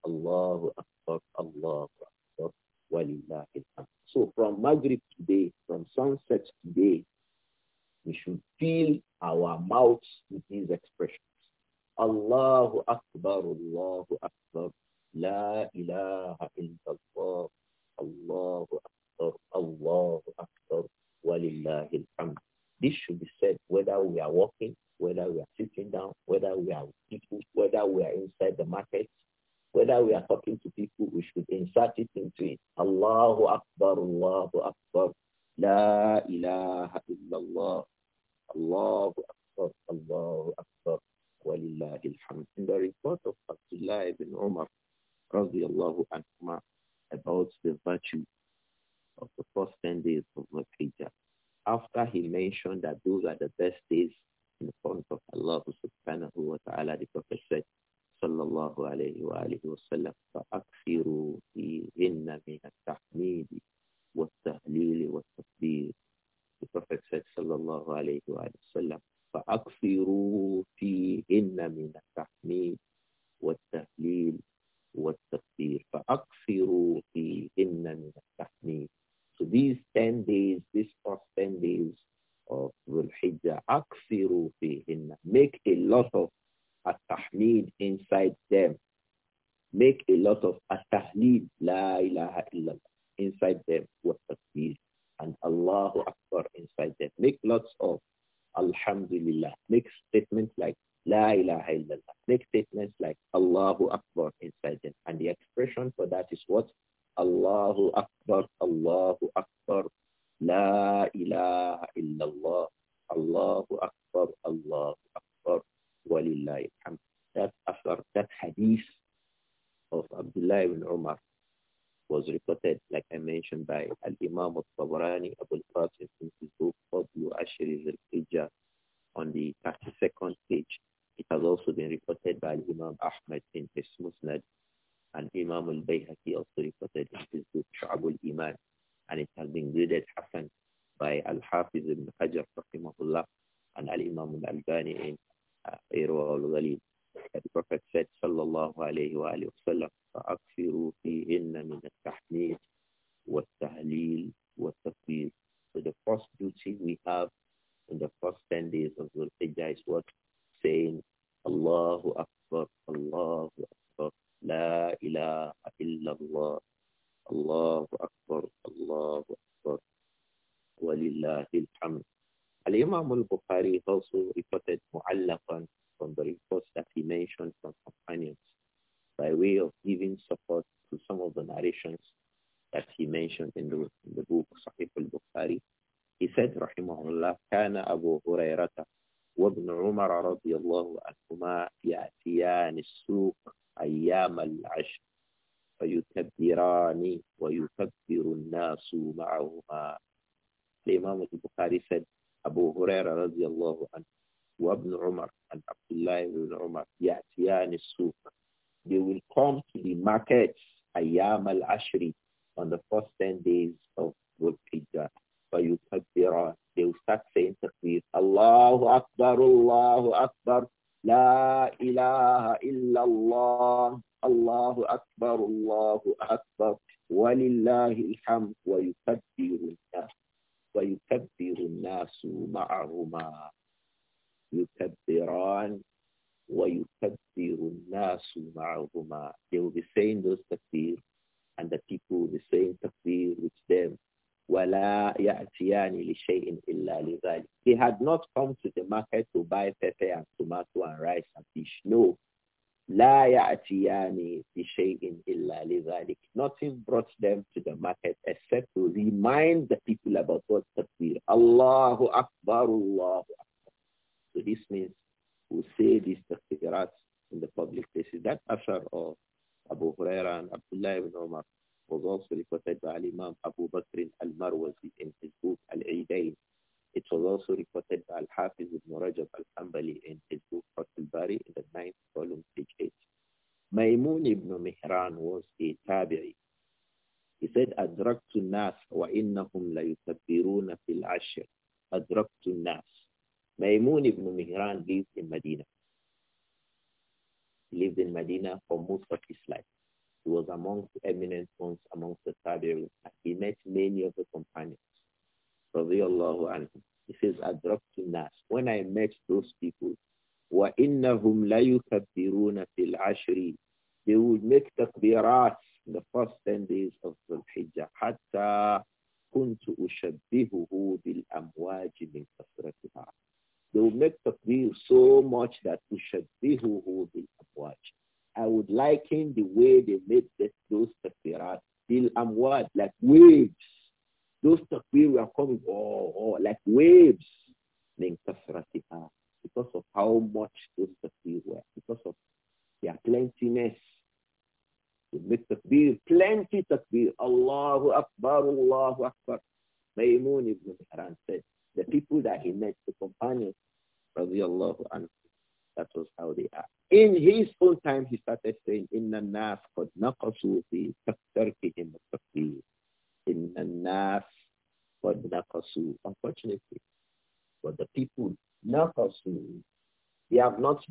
Allahu Akbar, Allahu Akbar, Walillahi So from Maghrib today, from sunset today, we should fill our mouths with these expressions. Allahu Akbar, Allahu Akbar, La ilaha illallah, Allahu Akbar, Allahu Akbar, Walillahi alhamd. This should be said whether we are walking, whether we are sitting down, whether we are people, whether we are inside the market, whether we are talking to people, we should insert it into it. Allahu Akbar, Allahu Akbar, لا إله إلا الله الله أكبر الله أكبر ولله الحمد. In the report of Abdullah ibn Umar, radiallahu anhuma, about the virtue of the first 10 days of the Hijjah. After he mentioned that those are the best days in the front of Allah subhanahu wa ta'ala, the Prophet said, sallallahu alayhi wa alihi wa sallam, فَأَكْفِرُوا فِيهِنَّ مِنَ التَّحْمِيدِ والتهليل والتكبير The Prophet said صلى الله عليه وآله وسلم فأكثروا فيهن من التحميد والتهليل والتكبير فأكثروا فيهن من التحميد So these 10 days, these first 10 days of Dhul Hijjah, أكثروا فيهن Make a lot of التحميد inside them. Make a lot of التهليل لا إله إلا الله inside them was tasbih and Allahu Akbar inside them. Make lots of Alhamdulillah. Make statements like La ilaha illallah. Make statements like Allahu Akbar inside them. And the expression for that is what? Allahu Akbar, Allahu Akbar, La ilaha illallah, Allahu Akbar, Allahu Akbar, walillahi That after that hadith of Abdullah ibn Umar was reported, like I mentioned, by Al-Imam al-Tabarani Abu al-Qasim in his book, Fadlu Ashir al-Hijjah, on the 32nd page. It has also been reported by Imam Ahmad in his Musnad, and Imam al-Bayhaqi also reported in his book, Sha'abul Iman, and it has been graded Hassan by Al-Hafiz ibn Hajar, rahimahullah, and Al-Imam al-Albani in uh, al-Ghalib. The Prophet said, sallallahu alayhi wa alayhi wa sallam, فَأَكْفِرُوا فِيهِنَّ مِنَ التَّحْمِيدِ وَالتَّهْلِيلِ وَالتَّكْبِيرِ So the first duty we have in the first 10 days of Dhul Hijjah is what? Saying, Allahu Akbar, Allahu Akbar, La ilaha illallah, Allahu Akbar, Allahu Akbar, Walillahi alhamd. Al-Imam al-Bukhari also reported mu'allaqan from the reports that he mentioned from companions by way of giving support to some of the narrations that he mentioned in the, in the book Sahih al-Bukhari. He said, Rahimahullah, كان أبو هريرة وابن عمر رضي الله عنهما يأتيان السوق أيام العشر فيكبران ويكبر الناس معهما. The Imam al-Bukhari said, Abu Huraira radiallahu anhu وابن عمر and Abdullah ibn Umar, يأتيان السوق. They will come to the markets أيام العشر on the first 10 days of Dhul Hijjah. فيكبران They will start saying takbir. Allahu Akbar, Allahu Akbar, La ilaha Allah. Allahu Akbar, Allahu Akbar. He They had not come to the market to buy pepper and tomato and rice and fish. No. لَا إِلَّا لِذَلِكَ Nothing brought them to the market except to remind the people about what takbir. Allahu Akbar. النَّاسِ وَإِنَّهُمْ لَيُكَبِّرُونَ فِي الْعَشْرِ أَدْرَكْتُ النَّاسِ Maymun ibn Mihran lived in Medina. He lived in Medina for most of his life. He was amongst eminent ones amongst the Tabi'un. He met many of the companions. Radiallahu anhum. He says, أَدْرَكْتُ النَّاسِ When I met those people, وَإِنَّهُمْ لَيُكَبِّرُونَ فِي الْعَشْرِ They would make takbirat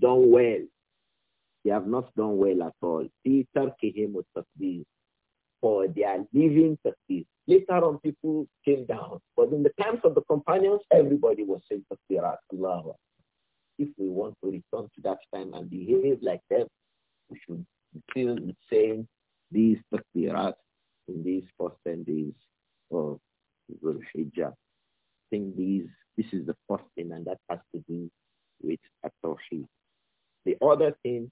done well. They have not done well at all. For their living success. Later on, people came down. But in the times of the companions, everybody was saying to Allah. If we want to return to that time and behave like them, we should feel the saying these takbirat in these first 10 days of Dhul Hijjah. I think these, this is the first thing, and that has to do with At-Tawheed other thing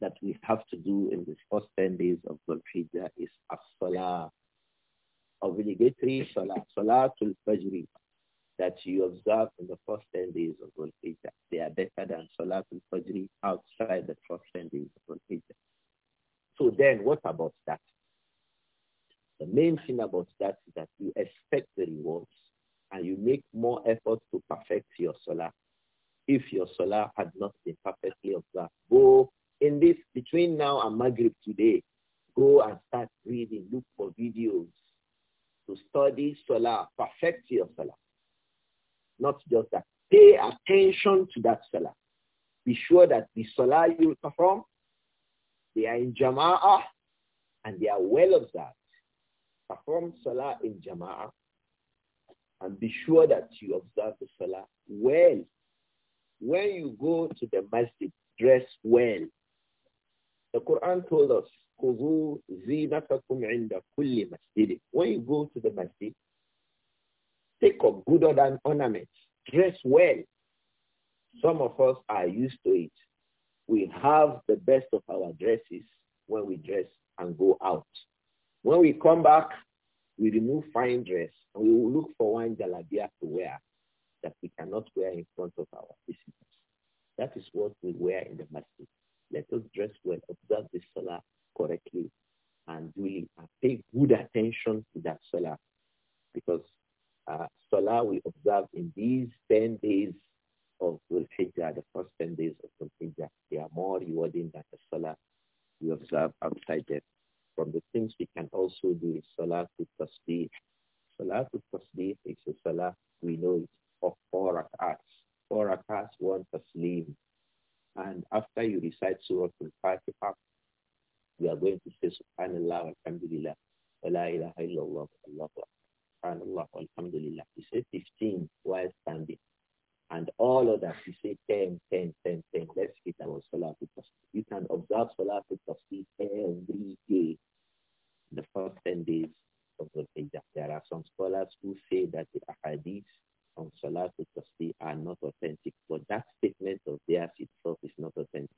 that we have to do in the first 10 days of dhul is as-salah, obligatory salah, to fajr that you observe in the first 10 days of dhul They are better than to fajr outside the first 10 days of dhul So then what about that? The main thing about that is that you expect the rewards and you make more effort to perfect your salah if your salah had not been perfectly observed. Go in this, between now and Maghrib today, go and start reading, look for videos to study salah, perfect your salah. Not just that. Pay attention to that salah. Be sure that the salah you perform, they are in jama'ah and they are well observed. Perform salah in jama'ah and be sure that you observe the salah well when you go to the masjid, dress well. The Quran told us, When you go to the masjid, take up good ornaments, dress well. Some of us are used to it. We have the best of our dresses when we dress and go out. When we come back, we remove fine dress and we will look for one jalabia to wear that we cannot wear in front of our visitors. That is what we wear in the masjid. Let us dress well, observe the salah correctly, and duly, and uh, pay good attention to that salah, because uh, salah we observe in these 10 days of Dhul Hijjah, the first 10 days of Dhul Hijjah. They are more rewarding than the salah we observe outside them. From the things we can also do is salah to tasbih. Salah to tasbih is a salah we know it of four rak'ats. Four rak'ats, one taslim. And after you recite Surah Al-Fatiha, we are going to say Subhanallah, Alhamdulillah, Wa la ilaha illallah, Allahu Subhanallah, Alhamdulillah. He said 15 while standing. And all of that, he said 10, 10, 10, 10. Let's get our Salah Tasbih. You can observe Salah Tasbih every day, the first 10 days of the Hijjah. There are some scholars who say that the Ahadith from Salatul Tasbih are not authentic, but that statement of theirs itself is not authentic.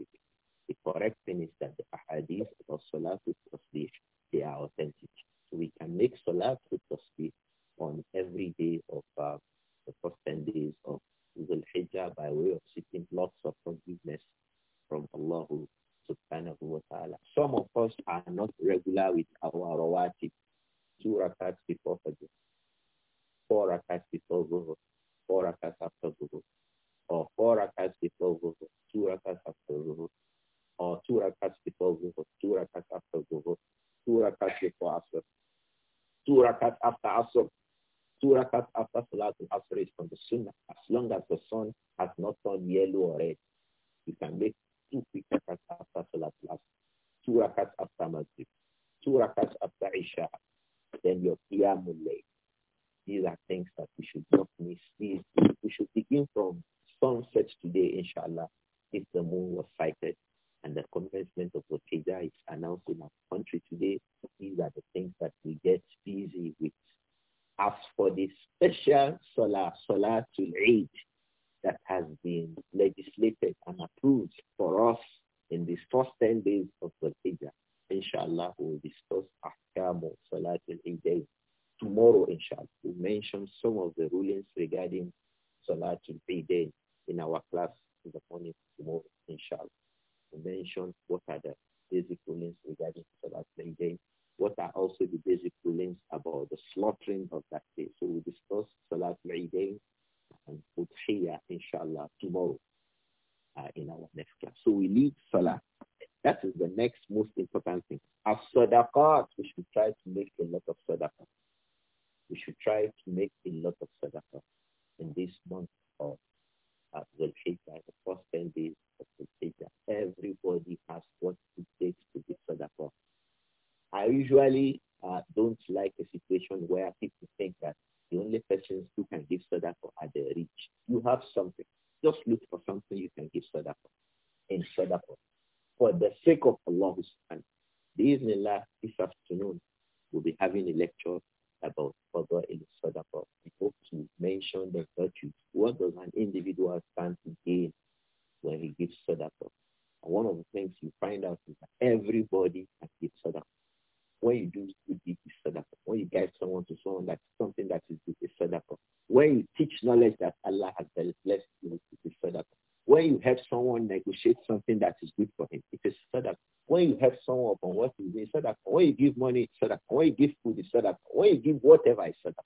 someone to someone that's something that is a sadaqah. When you teach knowledge that Allah has blessed you, it is sadaqah. When you help someone negotiate something that is good for him, it is sadaqah. When you help someone upon what is doing, sadaqah. When you give money, sadaqah. When you give food, it's sadaqah. When you give whatever, it's sadaqah.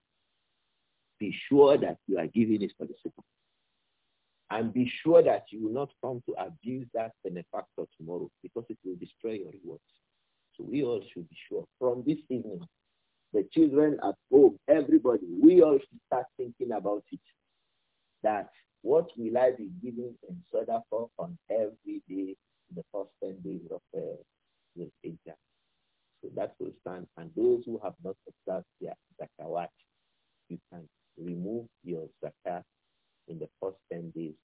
Be sure that you are giving it for the sake of and be sure that you will not come to abuse that benefactor tomorrow because it will destroy your rewards. So we all should be sure from this evening the children at home, everybody, we all should start thinking about it. That what will I be giving in soda for on every day, the first 10 days of uh, the exam? So that will stand. And those who have not observed their zakawat, you can remove your zakat in the first 10 days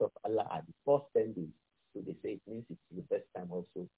of Allah are the first 10 days, so they say it means it's the best time also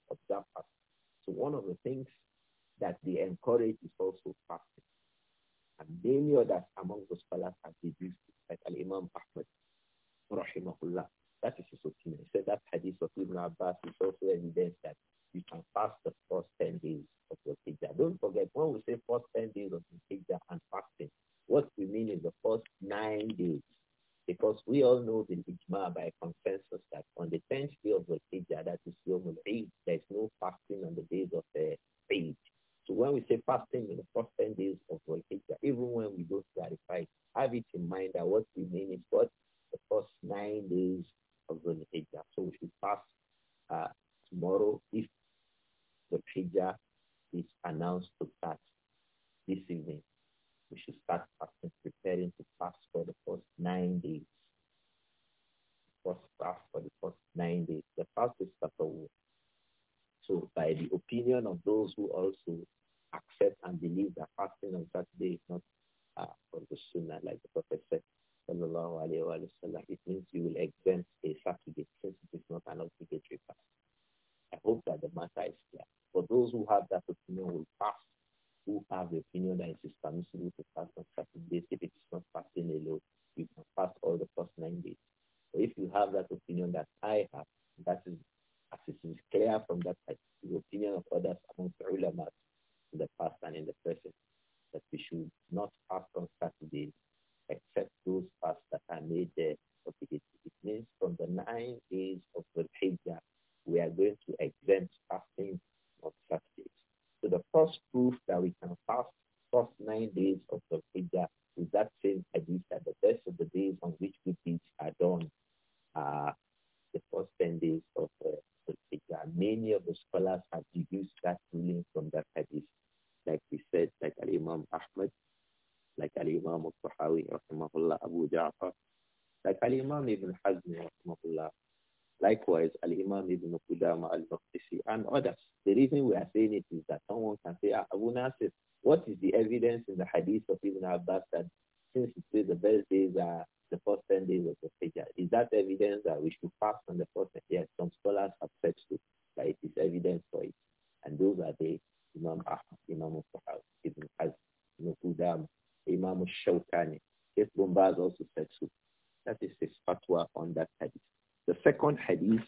one hadith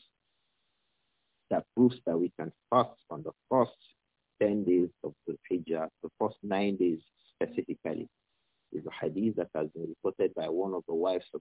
that proves that we can fast on the first 10 days of the Hijjah, the first nine days specifically, is a hadith that has been reported by one of the wives of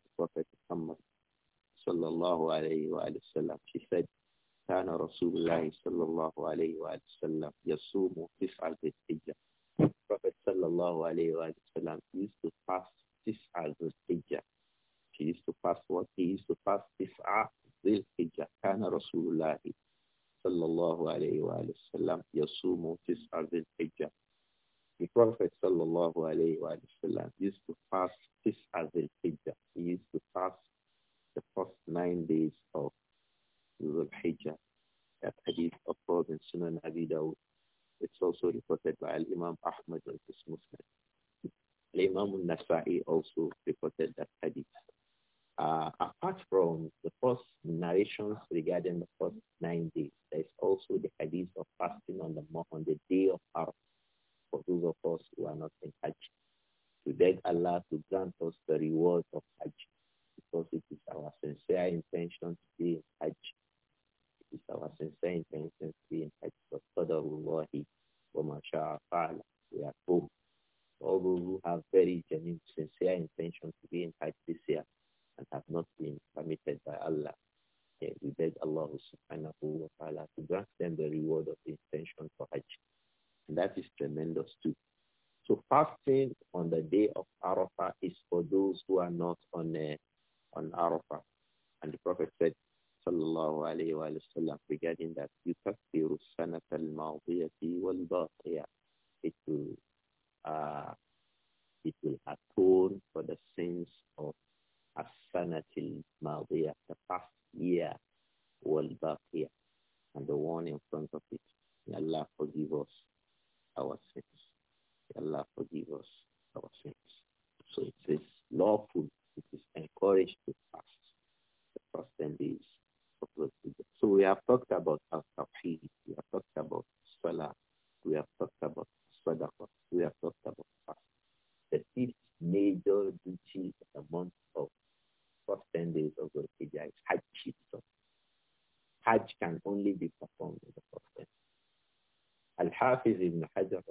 hafiz ibn Hajar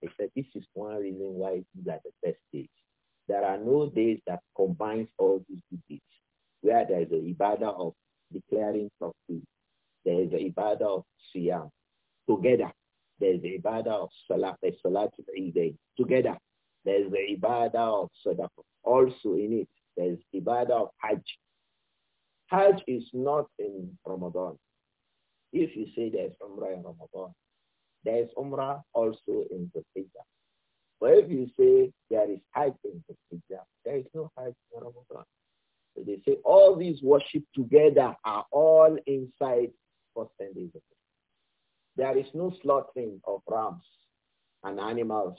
he said this is one reason why it is like the best days. There are no days that combines all these good Where there is the ibadah of declaring tawhid, there is the ibadah of siyam together. There is the ibadah of salah, salat together. There is the ibadah of sadaqah. Also in it, there is ibadah of hajj. Hajj is not in Ramadan. If you say there's Umrah in Ramadan, there is Umrah also in the Hijjah. But if you say there is Hajj in the Hijjah, there is no Hajj in Ramadan. So they say all these worship together are all inside first 10 days of There is no slaughtering of rams and animals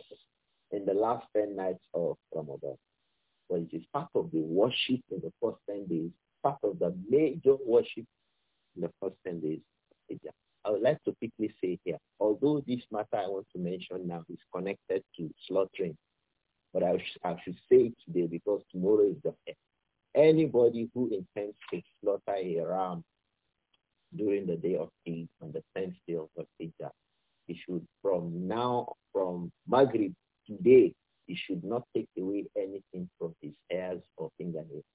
in the last 10 nights of Ramadan. But it is part of the worship in the first 10 days, part of the major worship in the first 10 days of Hijjah. I would like to quickly say here, although this matter I want to mention now is connected to slaughtering, but I, sh I should say it today because tomorrow is the end. Anybody who intends to slaughter a ram during the day of Eid on the 10th day of Hijjah, he should from now, from Maghrib today, he should not take away anything from his hairs or fingernails.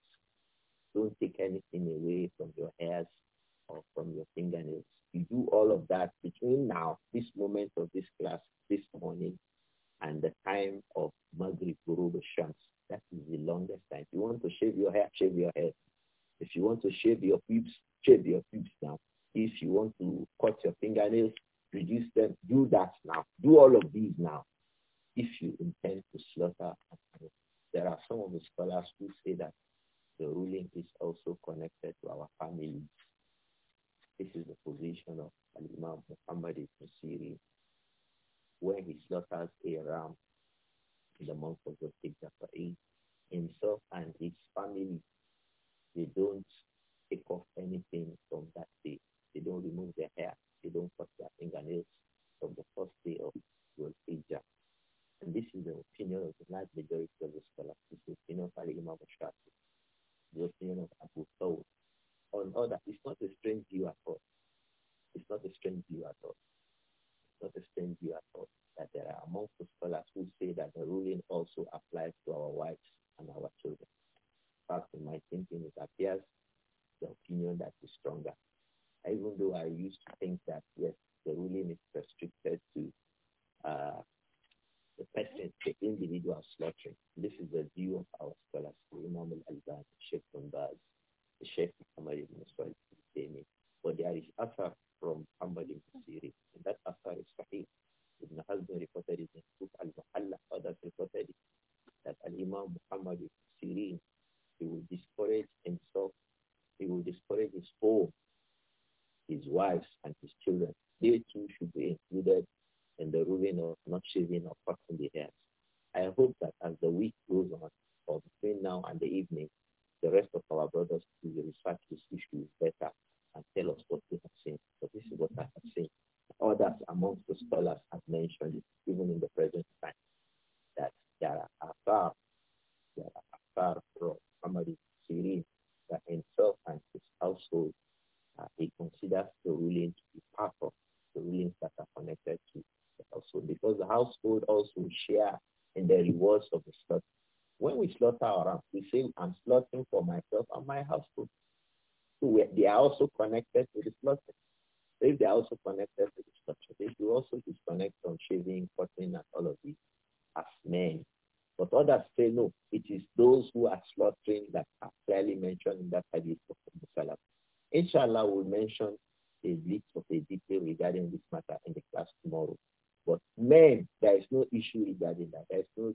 Don't take anything away from your hairs or from your fingernails. You do all of that between now, this moment of this class, this morning, and the time of Maghrib Guru Shams. That is the longest time. If you want to shave your hair, shave your hair. If you want to shave your pubes, shave your pubes now. If you want to cut your fingernails, reduce them, do that now. Do all of these now. If you intend to slaughter there are some of the scholars who say that the ruling is also connected to our families this is the position of Imam Muhammad ibn Siri where he slaughtered a ram in the month of the Hijjah himself and his family. They don't take off anything from that day. They don't remove their hair. They don't cut their fingernails from the first day of Dhul Hijjah. And this is the opinion of the large majority of the scholars. This is the opinion of Ali Imam Shafi, the opinion of Abu Thawr, on others. It's not a strange view at all. It's not a strange view at all. It's not a strange view at all that there are amongst the scholars who say that the ruling also applies to our wives and our children. In fact, in my thinking, it appears the opinion that is stronger. Even though I used to think that, yes, the ruling is restricted to uh, the person, the individual slaughtering. This is the view of our scholars, Imam al-Albani, Sheikh Mumbaz, الشيخ محمد will share in the rewards of the slaughter. When we slaughter our ram, we say, I'm slaughtering for myself and my household. So they are also connected to the slaughter. If they are also connected to the slaughter, they will also disconnect from shaving, cutting, and all of these as men. But others say, no, it is those who are slaughtering that are clearly mentioned in that hadith of Musalam. Inshallah, we'll mention issue regarding that. There's no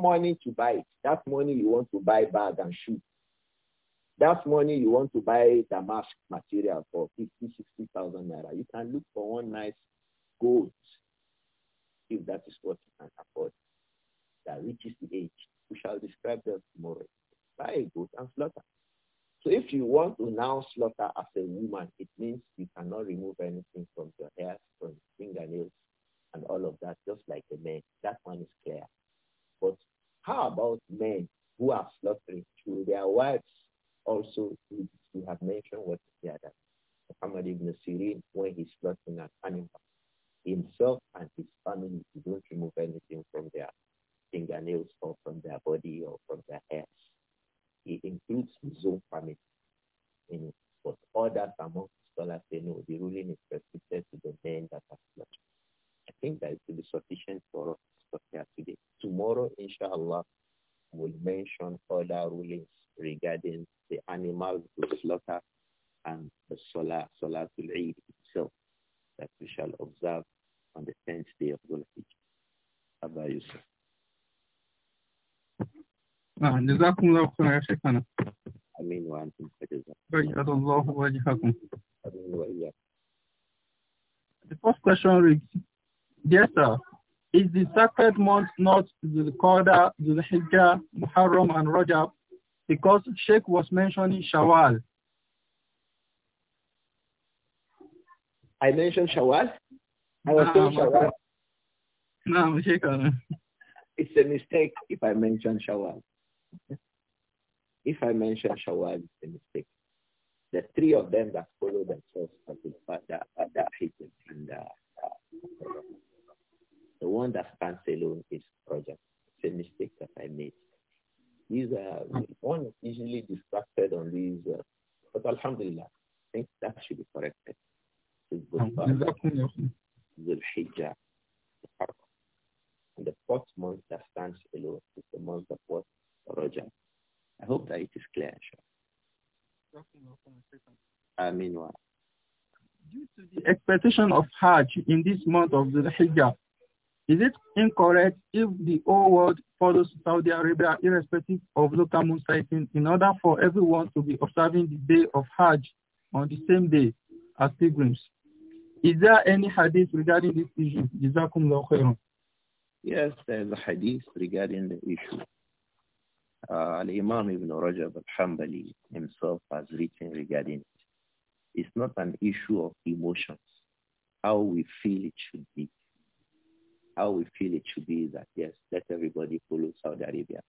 money to buy it. That money you want to buy bag and shoes. That money you want to buy damask material for 50, 60,000 naira. You can look for one nice gold if that is what you can afford that reaches the age. We shall describe them tomorrow. Buy a goat and slaughter. So if you want to now slaughter as a woman, it means you cannot remove anything from your hair, from your fingernails, and all of that, just like a man. That one is clear. But how about men who are slaughtering to their wives? Also, you have mentioned what the other Muhammad ibn Sirin, when he's slaughtering an animal, himself and his family, he don't remove anything from their fingernails or from their body or from their hair. He includes his own family in it. But others among scholars say no, the ruling is restricted to the men that are slaughtered. I think that it will be sufficient for us of here today. Tomorrow, inshallah, we'll mention other rulings regarding the animal to slaughter and the Salah, Salatul Eid itself that we shall observe on the 10th day of Dhul Hijjah. Abba ah, Yusuf. The first question reads, Dear sir, is the sacred month not the Qadr, the Hijjah, Muharram, and Rajab? Because Sheikh was mentioning Shawwal. I mentioned Shawwal? I was no, Shawwal. No, Sheikh. It's a mistake if I mention Shawwal. If I mention Shawwal, it's a mistake. The three of them that follow themselves are the Father, Father, Hijjah, and uh, the one that stands alone is project. It's a mistake that I made. These, uh, one is easily distracted on these, uh, but alhamdulillah, I think that should be corrected. And the fourth month that stands alone is the month of what? I hope that it is clear, and I mean, what? Due to the expectation of Hajj in this month of the Hijjah, is it incorrect if the whole world follows Saudi Arabia irrespective of local moon sighting in order for everyone to be observing the day of Hajj on the same day as pilgrims? Is there any hadith regarding this issue? Yes, there is a hadith regarding the issue. Uh, Al-Imam Ibn Rajab al-Hambali himself has written regarding it. It's not an issue of emotions, how we feel it should be how we feel it should be is that, yes, let everybody follow Saudi Arabia.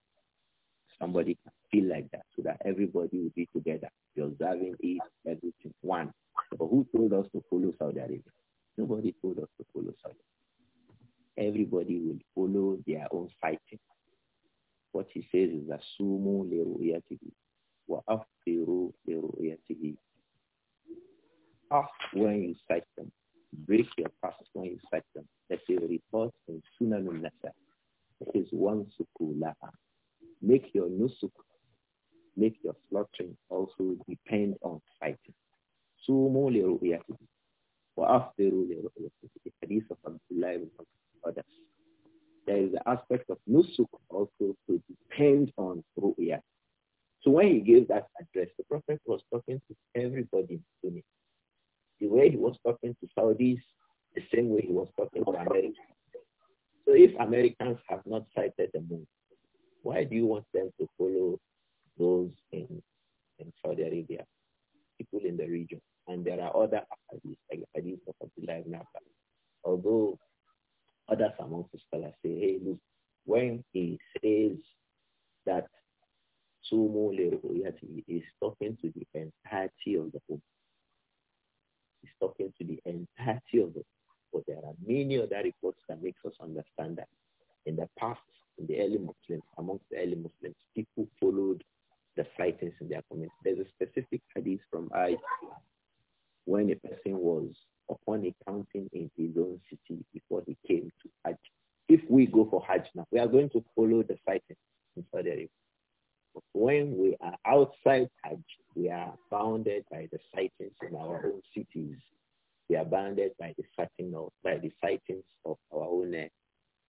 Somebody can feel like that so that everybody will be together. The observing is everything one. But who told us to follow Saudi Arabia? Nobody told us to follow Saudi Arabia. Everybody will follow their own fighting. What he says is that sumu leru'yatihi wa aftiru leru'yatihi. Ask when you them break your fast when you fight them. There's a report in Sunan al-Nasa. It is one sukulaha. Make your nusuk, make your slaughtering also depend on fighting. Sumu li ru'yatihi wa aftiru li ru'yatihi. The hadith of Abdullah ibn others, There is the aspect of nusuk also to depend on ru'yat. So when he gave that address, the Prophet was talking to everybody in Sunni. The way he was talking to Saudis, the same way he was talking to Americans. So if Americans have not sighted the moon, why do you want them to follow those in, in Saudi Arabia, people in the region? And there are other hadiths, like the hadith of Abdullah ibn Abbas. Although others among the scholars say, hey, look, when he says that Sumu is talking to the entirety of the home. He's talking to the entirety of us. But there are many other reports that makes us understand that in the past, in the early Muslims, amongst the early Muslims, people followed the sightings in their comments. There's a specific hadith from Aisha when a person was upon a in his own city before he came to Hajj. If we go for Hajj now, we are going to follow the sightings in Saudi Arabia when we are outside Hajj, we are bounded by the sightings in our own cities. We are bounded by the sighting of, by the sightings of our own uh,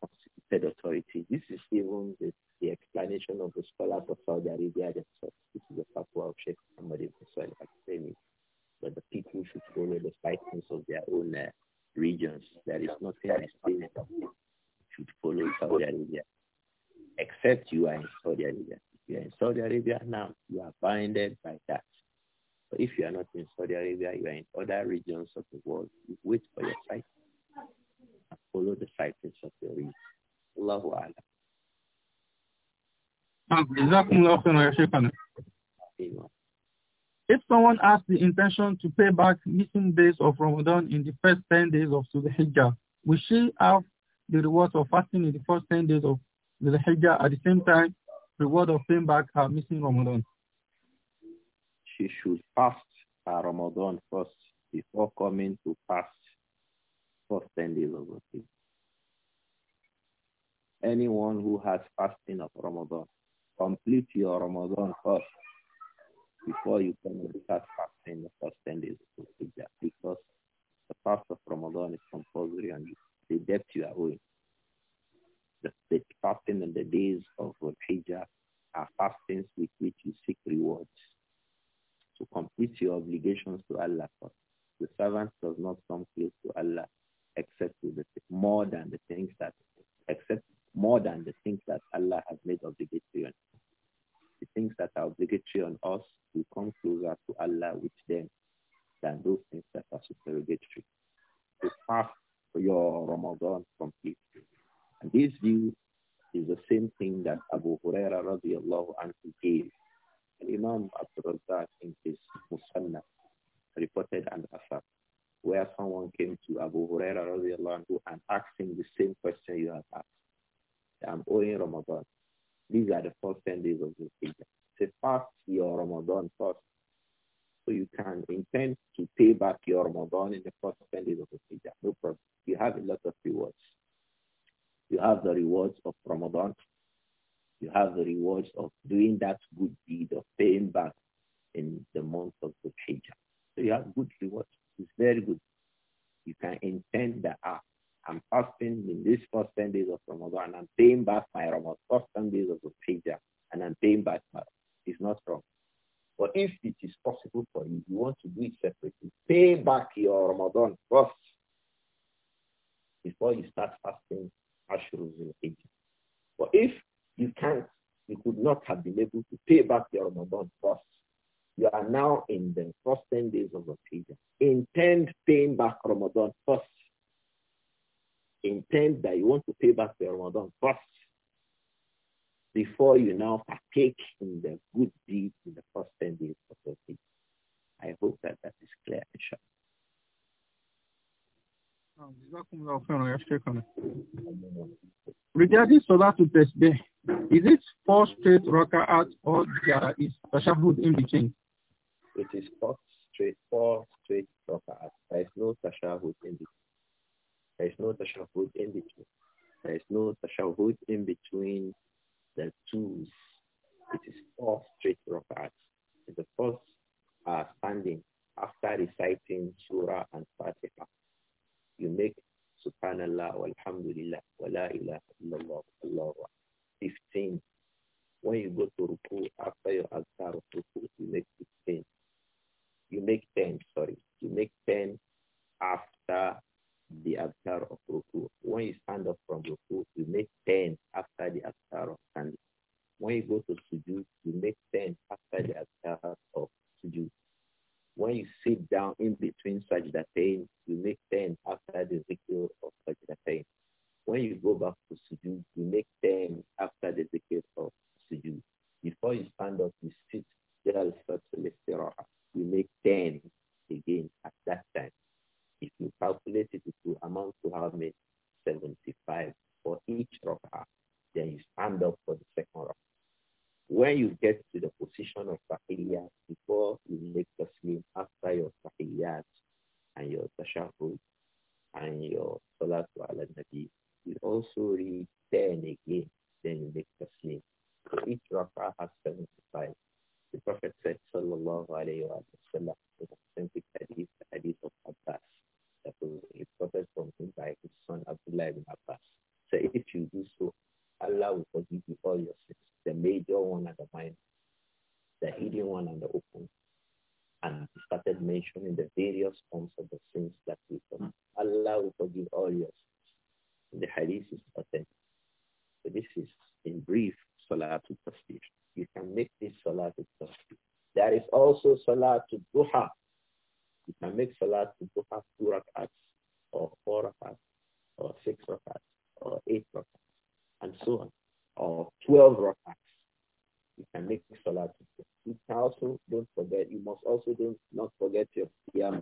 constituted authority. This is even the, the, explanation of the scholars of Saudi Arabia themselves. This is the fatwa of Sheikh Muhammad ibn Salih al that the people should follow the sightings of their own uh, regions. There is nothing restraining them. Should follow Saudi Arabia, except you are in Saudi Arabia. You're in Saudi Arabia now, you are bound by that. But if you are not in Saudi Arabia, you are in other regions of the world. You wait for your sight and follow the sightings of your region. If someone has the intention to pay back missing days of Ramadan in the first 10 days of Dhul Hijjah, will she have the reward of fasting in the first 10 days of Dhul Hijjah at the same time reward of paying back her missing Ramadan? She should fast her Ramadan first before coming to fast for 10 days of the Anyone who has fasting of Ramadan, complete your Ramadan first before you come start fasting the first 10 days of Hijjah. days of dhul are fastings with which you seek rewards to complete your obligations to Allah first. Regarding Salatul Tasbih, is it four straight rocker raka'at or there is tashahud in between? Salat to duha. You can make salat to duha two rak'ats or four rak'ats or six rak'ats or eight rak'ats and so on. Or 12 rak'ats. You can make salat. to duha. You can also, don't forget, you must also don't, not forget your qiyam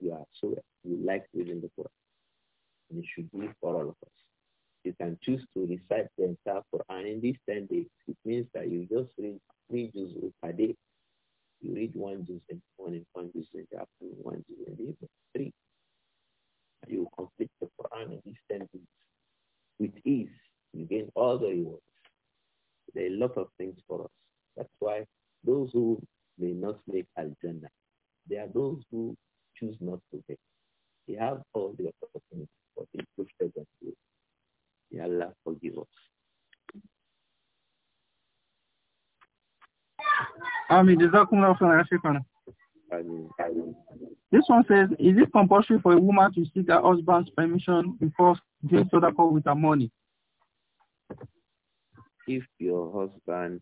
you are so you like reading the Quran. And it should be for all of us. You can choose to recite the entire Quran in these 10 days. It means that you just read three Jews per day. You read one juz in the morning, one juz in the afternoon, one juz in the evening, three. And you complete the Quran in these 10 days with ease. You gain all the rewards. There are a lot of things for us. That's why those who may not make Al-Jannah, they are those who choose not to pay. They have all the opportunities, but they gifted them to May Allah forgive us. Amin. This one says, is it compulsory for a woman to seek her husband's permission before doing call with her money? If your husband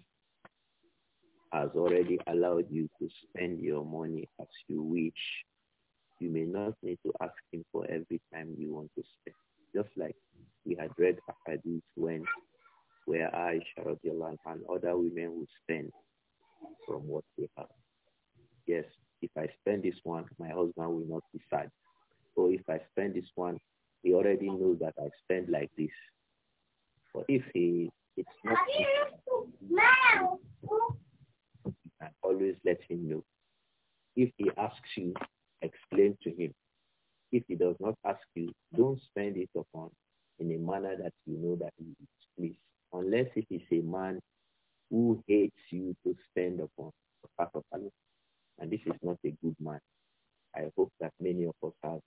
has already allowed you to spend your money as you wish, you may not need to ask him for every time you want to spend. Just like we had read hadith when where Aisha radiallahu and other women would spend from what they have. Yes, if I spend this one, my husband will not be sad. Or if I spend this one, he already knows that I spend like this. But if he it's not you can always let him know. If he asks you explain to him. If he does not ask you, don't spend it upon in a manner that you know that he is pleased. Unless it is a man who hates you to spend upon the path of Allah. And this is not a good man. I hope that many of us have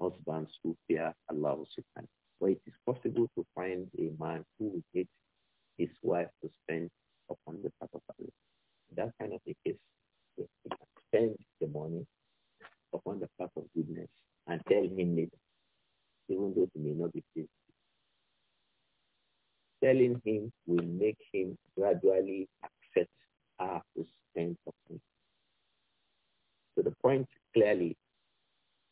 husbands who fear Allah subhanahu. But it is possible to find a man who hates his wife to spend upon the path of Allah. That kind of a case, he can spend the money upon the path of goodness and tell him later, even though he may not be pleased. Telling him will make him gradually accept our expense of him. So the point clearly,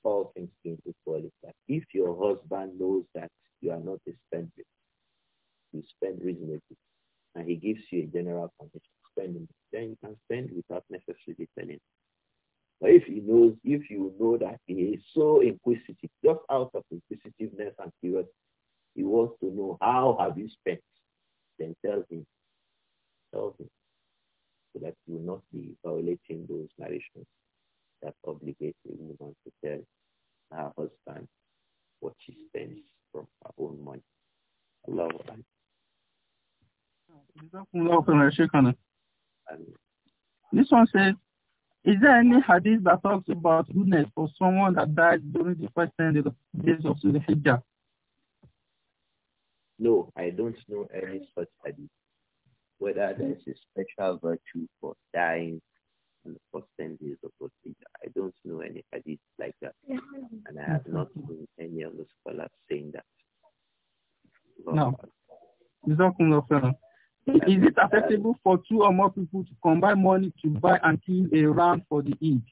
all things being equal, is that if your husband knows that you are not a spendthrift, you spend reasonably, and he gives you a general condition spending, then you can spend without necessarily telling him. But if he knows, if you know that he is so inquisitive, just out of inquisitiveness and curiosity, he wants to know how have you spent, then tell him, tell him, so that you will not be violating those narrations that obligate a woman to tell her husband what she spends from her own money. Allah. This one says, is there any hadith that talks about goodness for someone that dies during the first 10 days of the Hijjah? No, I don't know any such hadith. Whether there's a special virtue for dying in the first 10 days of the Hijjah, I don't know any hadith like that. And I have not seen any of the scholars saying that. Lord. No. Is it acceptable for two or more people to combine money to buy and kill a ram for the Eid?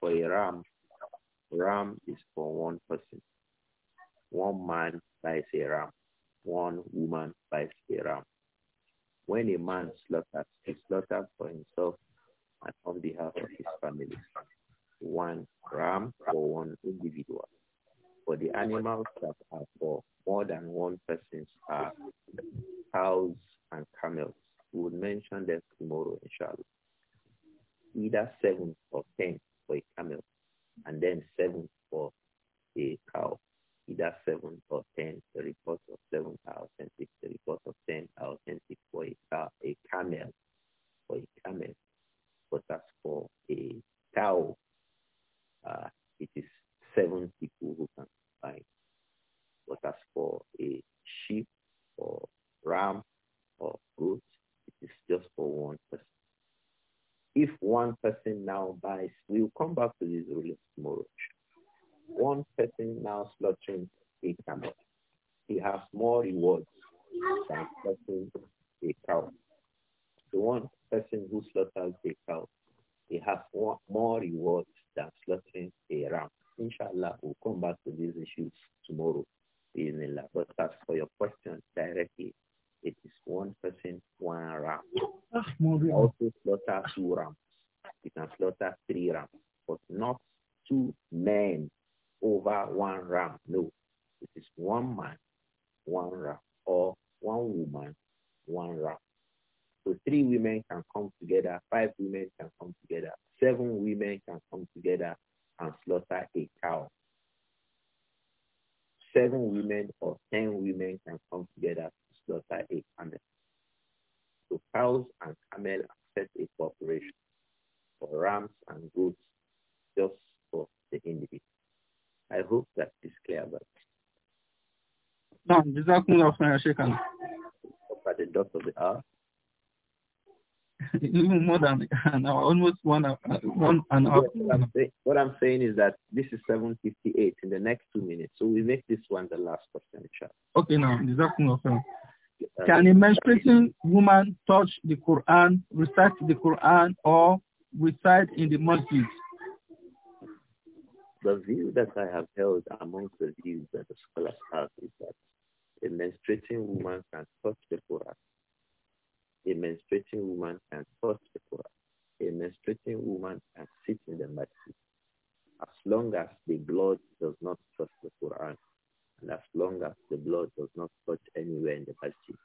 For a ram, ram is for one person. One man buys a ram. One woman buys a ram. When a man slaughters, he slaughters for himself and on behalf of his family. One ram for one individual. For the mm-hmm. animals that are for more than one persons are uh, cows and camels. We will mention them tomorrow, inshallah. Either seven or ten for a camel, and then seven for a cow. Either seven or ten, the report of seven are authentic. The report of ten are authentic for a, cow, a camel, for a camel. But as for a cow, uh, it is seven people who can buy. what as for a sheep or ram or goat, it is just for one person. If one person now buys, we will come back to this ruling tomorrow. One person now slaughtering a camel. He has more rewards than slaughtering a cow. The one person who slaughters a cow, he has more rewards than slaughtering a ram inshallah, we'll come back to these issues tomorrow. Bismillah. But as for your question directly, it is one person, one ram. Ah, also slaughter two rams. You can slaughter three rams, but not two men over one ram. No, it is one man, one ram, or one woman, one ram. So three women can come together, five women can come together, seven women can come together, and slaughter a cow. Seven women or ten women can come together to slaughter a camel. So cows and camel set a corporation for rams and goats just for the individual. I hope that is clear but. No, this is not. the dot of the even more than an hour, almost one hour. Uh, one an hour. What I'm, say, what I'm saying is that this is 7.58 in the next two minutes. So we make this one the last question, Okay, now, Jazakumullah. Can a menstruating woman touch the Quran, recite the Quran, or recite in the masjid? The view that I have held amongst the views that the scholars have is that a menstruating woman can touch the Quran, a menstruating woman can touch the Quran. A menstruating woman can sit in the masjid. As long as the blood does not touch the Quran, and as long as the blood does not touch anywhere in the masjid,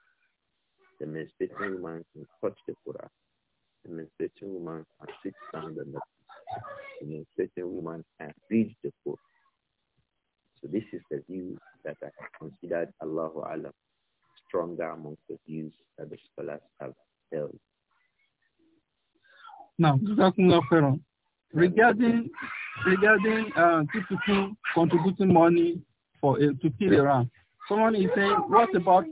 the menstruating woman can touch the Quran. The menstruating woman can sit down the masjid. The menstruating woman can read the Quran. So this is the view that I considered Allahu Alam stronger amongst the views that the scholars have held. Now, regarding regarding uh, people contributing money for uh, to kill Iran, someone is saying, what about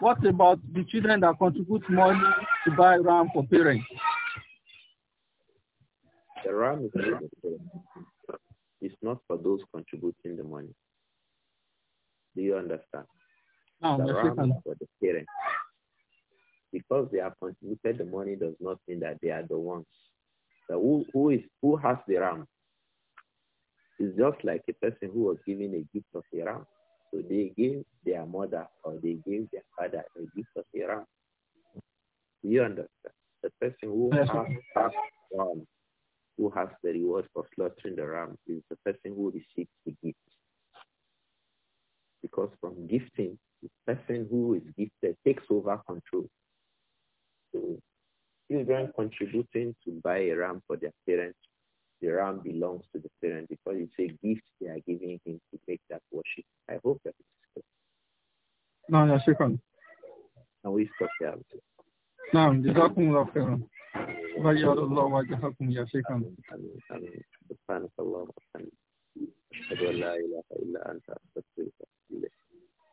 what about the children that contribute money to buy RAM for parents? The RAM is it's not for those contributing the money. Do you understand? No, the for the parents. Because they are contributed the money does not mean that they are the ones. So who, who is who has the ram? It's just like a person who was given a gift of a ram. So they gave their mother or they gave their father a gift of a ram. You understand? The person who yes, has, has ram, who has the reward for slaughtering the ram, is the person who receives the gift. Because from gifting, the person who is gifted takes over control. So children contributing to buy a ram for their parents, the ram belongs to the parent because it's a gift they are giving him to make that worship. I hope that it's No, yeah, sure. Can we stop there? No, the الله of غير الله وجهكم